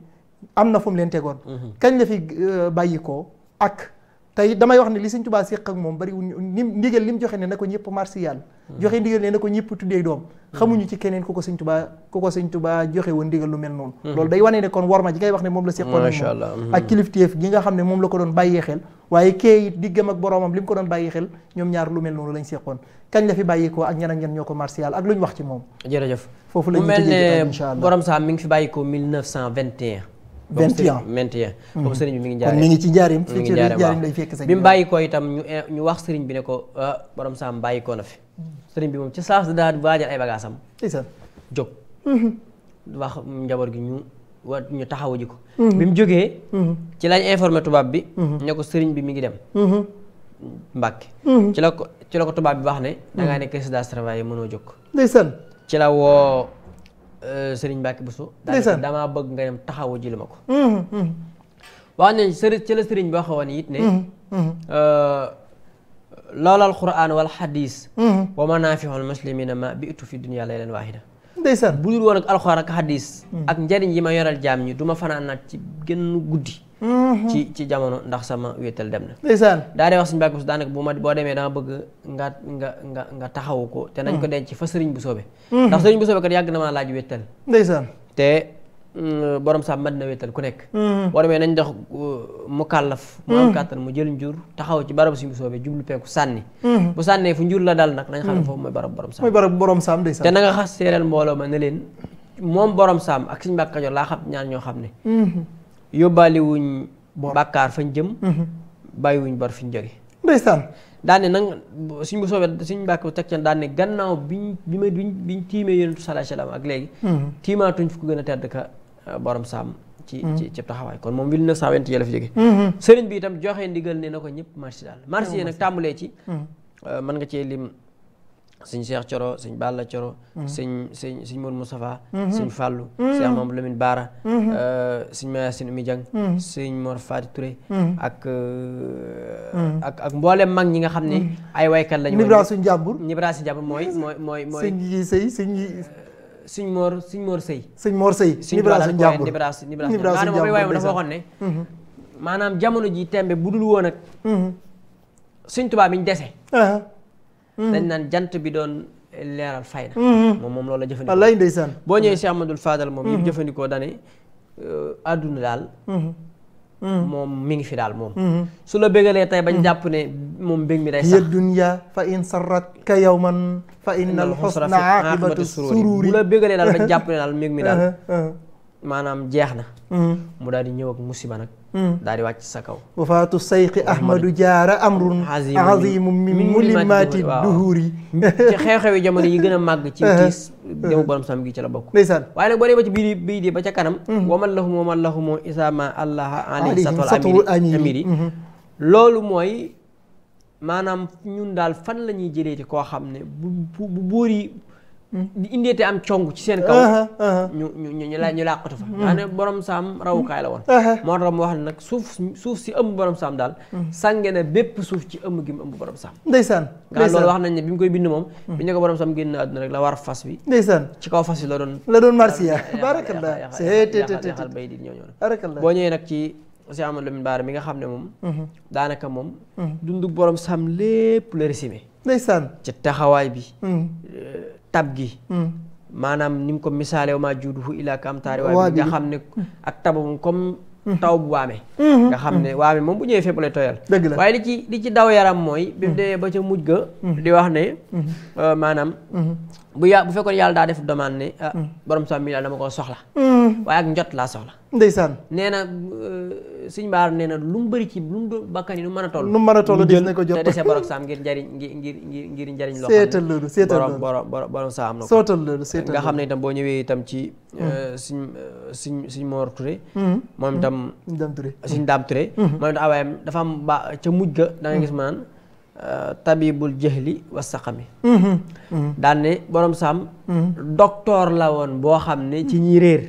am na fu leen tegoon. Mhm. kañ la fi euh, bàyyi koo ak tey damay wax ne li Sëñ Tuubaa séq ak moom bariwul ni ndigal li mu joxe ne na ko ñëpp marsiyaal mhm. joxe ndigal ne na ko ñëpp tuddee doom. Mhm. xamuñu ci keneen ku ko Sëñ Tuubaa ku ko Sëñ joxe woon ndigal lu mel noonu. loolu day wane ne kon worma ji ngay wax ne moom la séqoon ak moom ak kilifteef gi nga xam ne moom la ko doon bàyyee xel. waaye kee it diggam ak boroomam li mu ko doon bàyyi xel ñoom ñaar lu mel noonu lañ séqoon kañ la fi bàyyikoo ak ñan ak ñan ñoo ko ak lu ñu wax ci moom. jërëjëf foofu la ñuy tëjee incha allah mu mel ne borom saam mi ngi fi vingt ans vingt ans boobu hmm. sëriñ bi mi ngi njaareem mi ngi ci njaareem mi ngi bi mu bàyyi ko itam ñu eh, ñu wax sëriñ bi ne ko ah, borom saam bàyyi ko na fi sëriñ bi moom ci saas daal waajal ay bagaasam ndeysaan jóg hmm. wax njaboot gi ñu wa ñu taxawu ji ko hmm. bi mu jógee ci lañ informé tubaab bi ne ko sëriñ bi mi ngi dem Mbàkke ci la ko la ko tubaab bi wax ne da ngaa nekk résidence travail mënoo jóg ci la woo Euh, sëriñ Mbacke Bousso. ndeysaan damaa bëgg nga dem taxawu ji li ma ko. wax nañ sëriñ ci la Serigne bi waxoon it ne. Euh, loolal Qur'an wal xadis. wa manaafiul muslimina ma biitu fi dunya laylan waahida. ndeysaan bu dul woon ak alxuraan ak xadis. ak njëriñ yi ma yoral jaam ñi duma ma fanaan naat ci genn guddi. Mhm. ci ci jamono ndax sama wéetal dem na. ndeysaan daa dee wax suñu bàkk bu daanaka bu ma boo demee dama bëgg nga nga nga nga taxawu ko. te nañ ko mhm. denc fa sëriñ bu soobee. Mhm. ndax sëriñ bu soobee kat yàgg na maa laaj wéetal. ndeysaan te mm, borom saa mën na wéetal ku nekk. boo demee nañ dox uh, mu kàllaf. mu am kàttan mu jël njur taxaw ci barab suñu bu soobee jublu peeku sànni. bu sànnee fu njur la dal nag nañ xam ne foofu mooy barab borom saam. mooy barab saam na nga xas séeréel mbooloo ma leen moom borom saam ak suñu bàkk Kajoor laa ñoo xam ne yóbbaale wuñ. bàkkaar fañ jëm. Mhm. bàyyi wuñ bor fiñ jóge. ndeysaan. daane nag suñ bu soobee suñ mbàkk bu teg ca daane gannaaw biñ bi ma biñ biñ tiimee yonentu sallallahu alayhi wasallam ak léegi. Mhm. tiimaatuñ fu ko gën a tedd ka euh, borom saam. ci mhm. ci ci taxawaay kon moom 1920 la fi jóge. sëriñ bi itam joxe ndigal ne na ko ñëpp marché daal. marché nag tàmbalee ci. Euh, mën nga cee lim. sëñ Cheikh Coro sëñ Balla Coro mhm. sëñ sëñ sëñ Mour Moustapha mhm. sëñ Fàllu mhm. euh, sëñ Amam Lamine Baara sëñ Maya Sine Umi Jang sëñ Mor Fati Touré ak euh, ak ak mboolem mag ñi nga xam ne ay waykat lañu Nibra suñ jàmbur Nibra suñ jàmbur mooy mooy mooy mooy sëñ moor sëy sëñ yi euh, sëñ Mor sëñ Mor sëy sëñ Mor sëy Nibra suñ jàmbur Nibra maanaam mooy ji tembe bu dul woon ak sëñ dese Mm. dañ naan jant bi doon leeral fay na mm-hmm. moom moom la jëfandikoo wallaay ndeysaan boo ñëwee Cheikh Ahmadul Fadal moom yim mm-hmm. jëfandikoo dane euh, àdduna daal mm-hmm. moom mi ngi fi daal moom su la bégalee tey bañ jàpp ne moom bég mi day sax dunya fa in sarrat ka yawman na innal husna aqibatu sururi bu la bégalee daal bañ jàpp ne daal mbég mi daal uh-huh, uh-huh. maanaam jeex na hmm. mu daal di ñëw ak musiba nag hmm. daal di wàcc sa kaw wafaatu sayqi ahmadu jaara amrun azimu min mulimaati duhuri ci xew-xew yi jamono yi gën a màgg ci tiis [LAUGHS] demu borom sam gi ci la bokk ndeysaan waaye nag boo dee ba ci biir bii di ba ca kanam hmm. waman lahum waman lahumu isama allaha alayhim satul amiri loolu mooy maanaam ñun daal fan la ñuy jëlee koo xam ne bu bu yi di indeete am cong ci seen kaw. ñu ñu ñu ñu la ñu làqatu fa. maanaam hmm. borom saam rawukaay la woon. moo tax mu wax ne nag suuf si ëmb borom saam daal. Hmm. sànge na bépp suuf ci ëmb gi mu ëmb borom saam. ndeysaan bi mu koy bind moom. Hmm. bi ñu ko borom saam génn àdduna rek la war fas boo ñëwee nag ci. Cheikh Amadou Lamine Bara mi nga xam ne moom. daanaka moom. dundu borom saam lépp la résumé. ndeysaan ci taxawaay bi. Euh, tab gi hmm. maanaam ni mu ko misaale wa maa juuduhu illaa ka amtaari waa bi nga xam ne hmm. ak tabam comme hmm. taw waame nga xam ne waame moom bu ñëwee fépp lay tooyal dëgg la waaye li ci li ci daw yaram mooy bi mu ba ca mujj ga di wax ne euh, maanaam bu ya bu fekkoon yàlla daa def demande ne ah hmm. borom sama milliard dama koo soxla hmm. waaye ak njot laa soxla ndeysaan nee na euh, suñ baar nee na lu mu bëri ci lu mu doon bakkan yi nu mën a toll nu mën a toll des na ko jot te dese borom saam ngir njariñ ngir ngir ngir ngir njariñ loo seetal loolu seetal loolu nga xam ne itam boo ñëwee itam ci suñ suñ suñ Mor Touré hmm. moom itam Dame Touré suñ Dame Touré moom itam awaayam dafa am ca mujj ga da nga gis tabibul jahli wa saqami mm-hmm. Mm-hmm. daan borom saam mm-hmm. docteur la woon boo xam ne ci ñi réer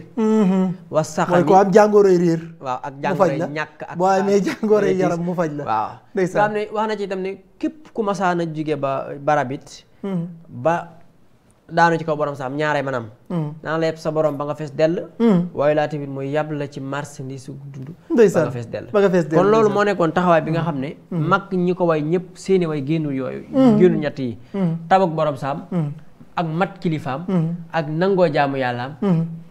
wa saqami mooy ko am jàngoroy réer waaw ak jàngoroy ñàkk ak boo amee jàngoroy yaram mu faj la waaw nga xam ne wax na ci itam ne képp ku masaana jóge ba barabit ba daanu ci kaw borom saam ñaaree manam mm. naa la yeb sa borom ba nga fees dell mm. waaye laa tamit mooy yàbb la ci marchandise su dund ba nga fees dell kon loolu moo nekkoon taxawaay bi nga xam ne mm. mag ñi ko way ñëpp seeni way génnul yooyu génnul ñett yi tabak borom saam ak mat kilifaam ak nangoo jaamu yàllaam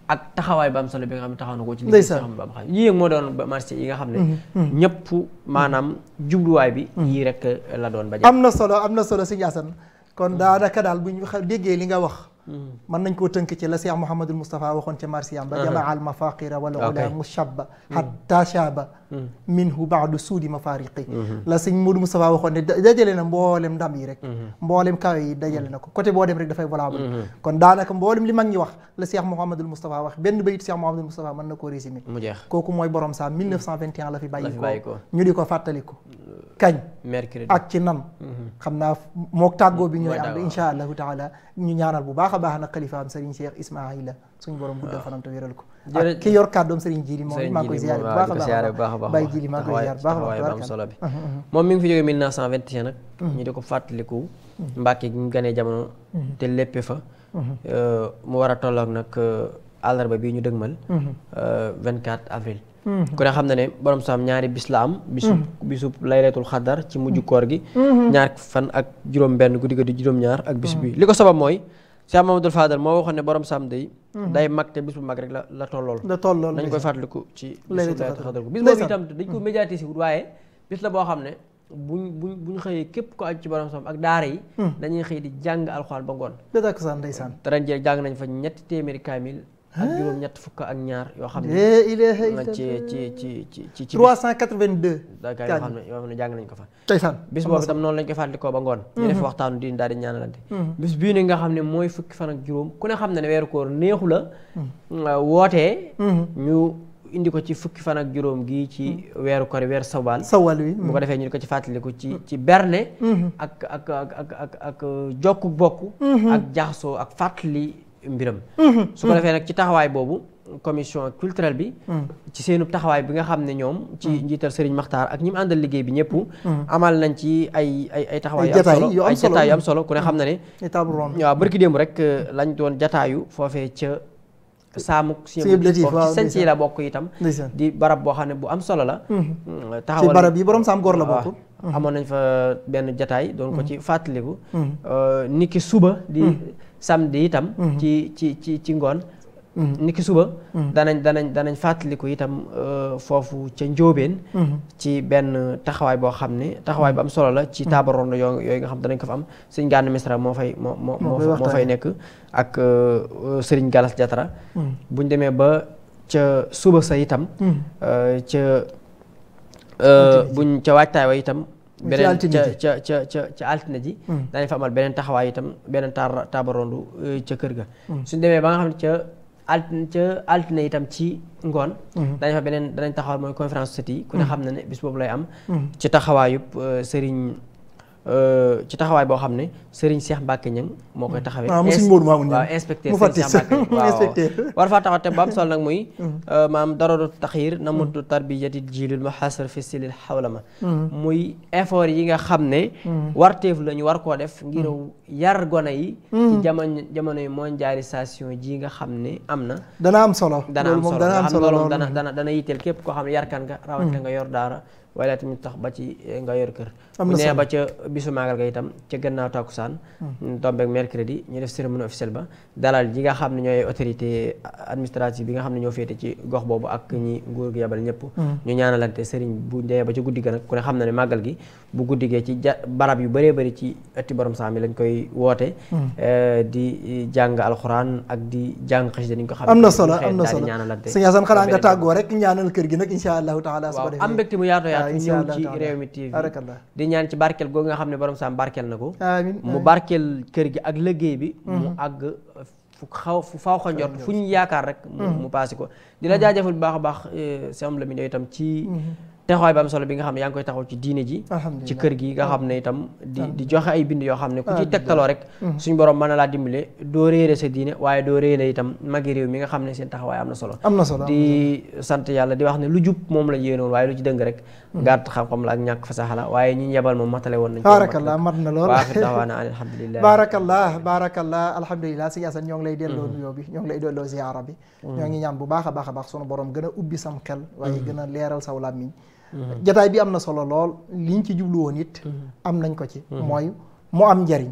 ak taxawaay ba am solo bi nga xam ne taxaw na ko ci liggéey xam yi nga xam maanaam jubluwaay bi yii rek la doon ba am na solo am na solo sëñ Assane kon daanaka daal bu ñu déggee li nga wax Mm-hmm. mën nañ koo tënk ci la Cheikh Mouhamadul Moustapha waxoon ca marsiyam ba uh-huh. jamaa al mafaqira wal ula mm-hmm. mushabba hatta shaba mm-hmm. minhu baadu suudi mafariqi la sëñ Modou Moustapha waxoon na mboolem boo dem rek dafay valable kon daanaka mboolem li mag ñi wax la Cheikh Mouhamadul Moustapha wax benn bayit Cheikh Mouhamadul Moustapha mën na koo résumer kooku mooy borom saa la fi bàyyi ko ñu di ko fàttali ko kañ mercredi ak ci nan xam naa mook tàggoo bi ñooy ànd insha allahu taala ñu ñaanal baax nag xalifaam Serigne Cheikh Ismaïla suñu borom guddal fanam te wéral ko ak ki yor kàddoom Serigne Jili moom maa koy ziar bu baax a baax Baye Jili maa koy ziar bu baax a baax solo bi moom mi ngi fi jógee 1921 nag mhm. ñu di ko fàttaliku mhm. Mbàkke gi mu ganee mhm. euh, a tolloog euh, Cheikh Mamadou Fadal moo waxoon ne borom saam mhm. day day mag te bis bu mag rek la tollool la tollool dañ koy fàttaliku ci bis boobu itam dañ ko mhm. médiatiser wut waaye bis la boo xam ne buñ buñ buñ xëyee képp ko aju ci borom saam ak daara yi mhm. dañuy xëy di jàng alxuraan ba ngoon da takk saan ndeysaan te ren jii jàng nañ fa ñetti téeméeri kaamil ak juróom ñett fukk ak ñaar yoo xam ne ci ci ci ci ci ci 382 daaka yoo xam ne yoo xam ne jàng nañ ko fa teysan bis boobu itam noonu lañ koy fàttalikoo ba ngoon mhm. ñu def waxtaanu diin daal di ñaanalante mhm. bis nga xam ne mooy fukki fan ak juróom ku ne xam ne ne weeru koor neexu la mhm. wootee ñu indi ko ci fukki fan ak juróom gi ci weeru kori weer sawaal sawaal wi bu ko defee ñu di ko ci fàttaliku ci ci berne ak ak ak ak ak ak jokku bokk ak jaxasoo ak mbiram. Mhm. su ko mhm. defee nag ci taxawaay boobu commission culturelle bi. Mhm. ci seenu taxawaay bi nga xam ne ñoom. ci njiital Serigne Makhtar ak ñi mu àndal liggéey bi ñëpp. amal nañ ci ay ay ay taxawaay. yu am solo ku ne xam na ne. waaw barki démb rek euh, lañ doon jataayu foofee ca. saamuk suñu bokk ci seen la bokk itam. di barab boo xam ne bu am solo la. Mm, taxawal ci yi borom saam góor la bokk. amoon nañ fa benn jataay doon ko ci fàttaliku. Euh, niki suba di. samedi itam. Mhm. ci ci ci ci ngoon. Mhm. niki suba. Mhm. danañ danañ danañ fàttaliku itam euh, foofu ca Njóobeen. ci benn taxawaay boo xam ne taxawaay bu am solo la ci table ronde yoo yooyu nga xam danañ ko fa am sëñ Gana Mesra moo fay moo fay nekk ak euh, euh, Serigne Galas Jatara. buñ demee ba ca suba sa itam. ca buñ ca waajtaay wa itam. beneen ca ca ca ca ca altine ji hmm. daañu fa amal beneen taxawaay itam beneen ta tabarondu euh, ga hmm. suñ demee ba nga xam ne ca altine ca altine itam ci ngoon hmm. daañu fa beneen danañ taxawal mooy conférence société yi ku ne xam na ne bis boobu lay am ci taxawaayub euh, sëriñ Euh, ci taxawaay boo xam ne Serigne Cheikh Mbacke Niang moo koy taxawee. waaw mu Serigne Modou Mamoun Niang waaw inspecteur Serigne Cheikh Mbacke [LAUGHS] waaw war faa taxaw te ba am solo nag muy. [LAUGHS] Mm-hmm. Euh, maam daradu taxir namatu mm-hmm. tarbiyati jiilul mahasar fi silil xawlama mm-hmm. muy effort yi nga xam ne. warteef la ñu war koo def ngir yar gone yi. ci jamono jamonoy mondialisation ji nga xam ne am na. dana am solo dana am solo dana dana dana yitteel képp koo xam ne yarkan nga. rawatina nga yor daara. waaye tamit tax ba ci eh, nga yor kër bu nee ba ca bisu maagal ga itam ca gannaaw tàkkusaan hmm. tombeek mercredi ñu def a officielle ba dalal ji nga xam ne ñooy autorité administrative bi nga xam ne ñoo féete ci gox boobu ak ñi nguur gi yabal ñëpp hmm. ñu ñaanalante sëriñ bu ndee ba ca guddi ga nag ku ne xam na ne màggal gi bu guddi gee ci barab yu bëree bëri ci ëtti borom saam yi lañ koy woote hmm. eh, di jàng alxuraan ak di jàng xasida ni ñu ko xam am na solo am na ñëw ci Rewmi TV di ñaan ci barkeel googu nga xam ne borom saam barkeel na ko mu barkeel kër gi ak liggéey bi mu mhm. àgg fu xaw fu faaw xa njort fu ñu yaakaar rek mhm. mu paase ko di la mhm. jaajëfal bu baax a baax Cheikh Lamine itam ci taxawaay ba am solo bi nga xam ne yaa ngi koy taxaw ci diine ji ci kër gi nga xam ne itam di di joxe ay bind yoo xam ne ku ci tegtaloo rek mm-hmm. suñ borom mën na laa dimbale doo réere sa diine waaye doo réere itam magi réew mi nga xam ne seen taxawaay am na solo am na solo di sant yàlla di wax ne lu jub moom la yéenoon waaye lu ci dëng rek mm-hmm. gàtt xam-xam la ak ñàkk fasaxa la waaye ñi yebal moom matale woon nañ baarakallah mat na lool waaxi dawaana an alhamdulilah baarakallah baarakallah alhamdulilah si yasan ñoo ngi lay delloo mm-hmm. nuyoo bi ñoo ngi lay delloo ziyaara bi ñoo ngi ñaan bu baax a baax a baax sunu borom gën a ubbi sam xel waaye gën a leeral saw làmmiñ Mhm. jataay bi am na solo lool li ñu ci jublu woon it mhm. am nañ ko ci mhm. mooy mu am njariñ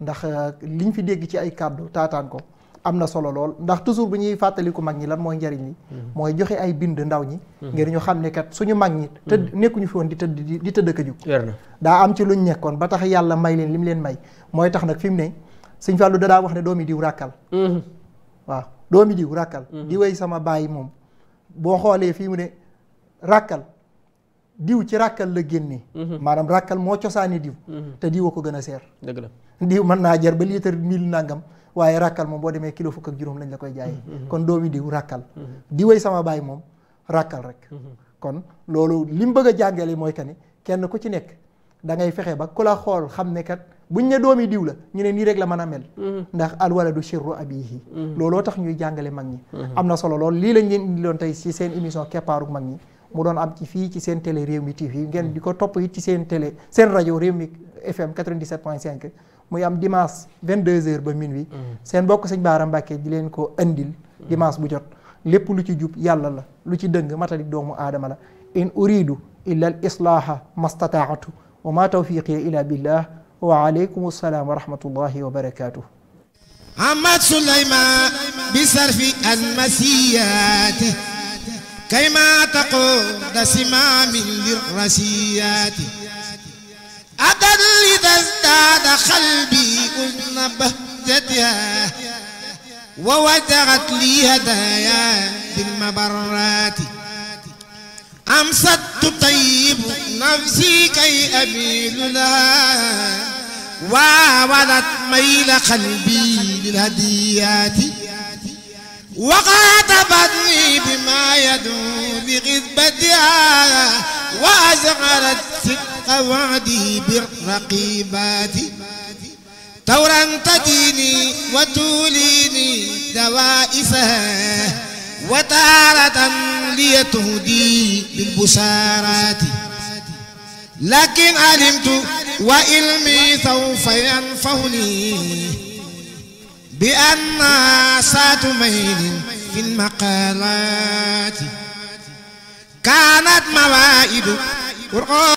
ndax euh, liñ fi dégg ci ay kàddu taataan ko am na solo lool ndax toujours bu ñuy fàttaliku mag ñi lan mooy njariñ li mooy joxe ay bind ndaw ñi ñu xam ne suñu mag ñi tëdd nekkuñu fi woon di tëdd di tëdd ka daa am ci luñ nekkoon ba tax yàlla may leen li mu leen may mooy tax nag fi mu ne suñ Fallou da daa wax ne doomi diw ràkkal waaw doomi diw ràkkal di way sama bàyyi moom boo xoolee fii mu ne ràkkal diw ci ràkkal la génne mhm. maanaam ràkkal moo cosaani diw mhm. te diw a ko gën a seer dëgg la diw mën naa jar ba litre mille nangam waaye ràkkal moom boo demee kilo fukk ak juróom lañ la koy jaayee mhm. kon doomi diw ràkkal diwéy sama baay moom ràkkal rek kon loolu li bëgg a jàngale mooy que kenn ku ci nekk da ngay fexe ba ku la xool xam ne kat buñ ne doomi diw la ñu ne nii rek la mën a mel ndax alwaladu sirru abiihi looloo tax ñuy jàngale mag ñi am na solo lool lii lañ leen indiloon tey ci mu doon am ci fii ci seen télé réew mi TV ngeen hmm. di ko topp it ci seen télé seen rajo réew mi FM 97.5 muy am dimanche 22h ba minuit. Hmm. seen bokk sëñ Baara Mbàkke di leen ko andil. Hmm. dimanche bu jot lépp lu ci jub yàlla la lu ci dëng matalik doomu aadama la in uridu illa al islaaha mastataatu wa ma tawfiqiya illa billah wa aleykum salaam wa rahmatullahi wa barakatuh Ahmad Souleymane bi sarfi al كيما تقود سمام للرسيات أدل إذا ازداد قلبي أذن بهجتها ووجغت لي هدايا بالمبرات أمست تطيب نفسي كي أميل لها وولت ميل قلبي للهديات وخاطبتني بما يدعو لغذبتها وأزغرت صدق وعده بالرقيبات تورا تديني وتوليني دوائسها وتارة ليتهدي بالبشارات لكن علمت وإلمي سوف ينفعني بأن سات ميل في المقالات كانت موائد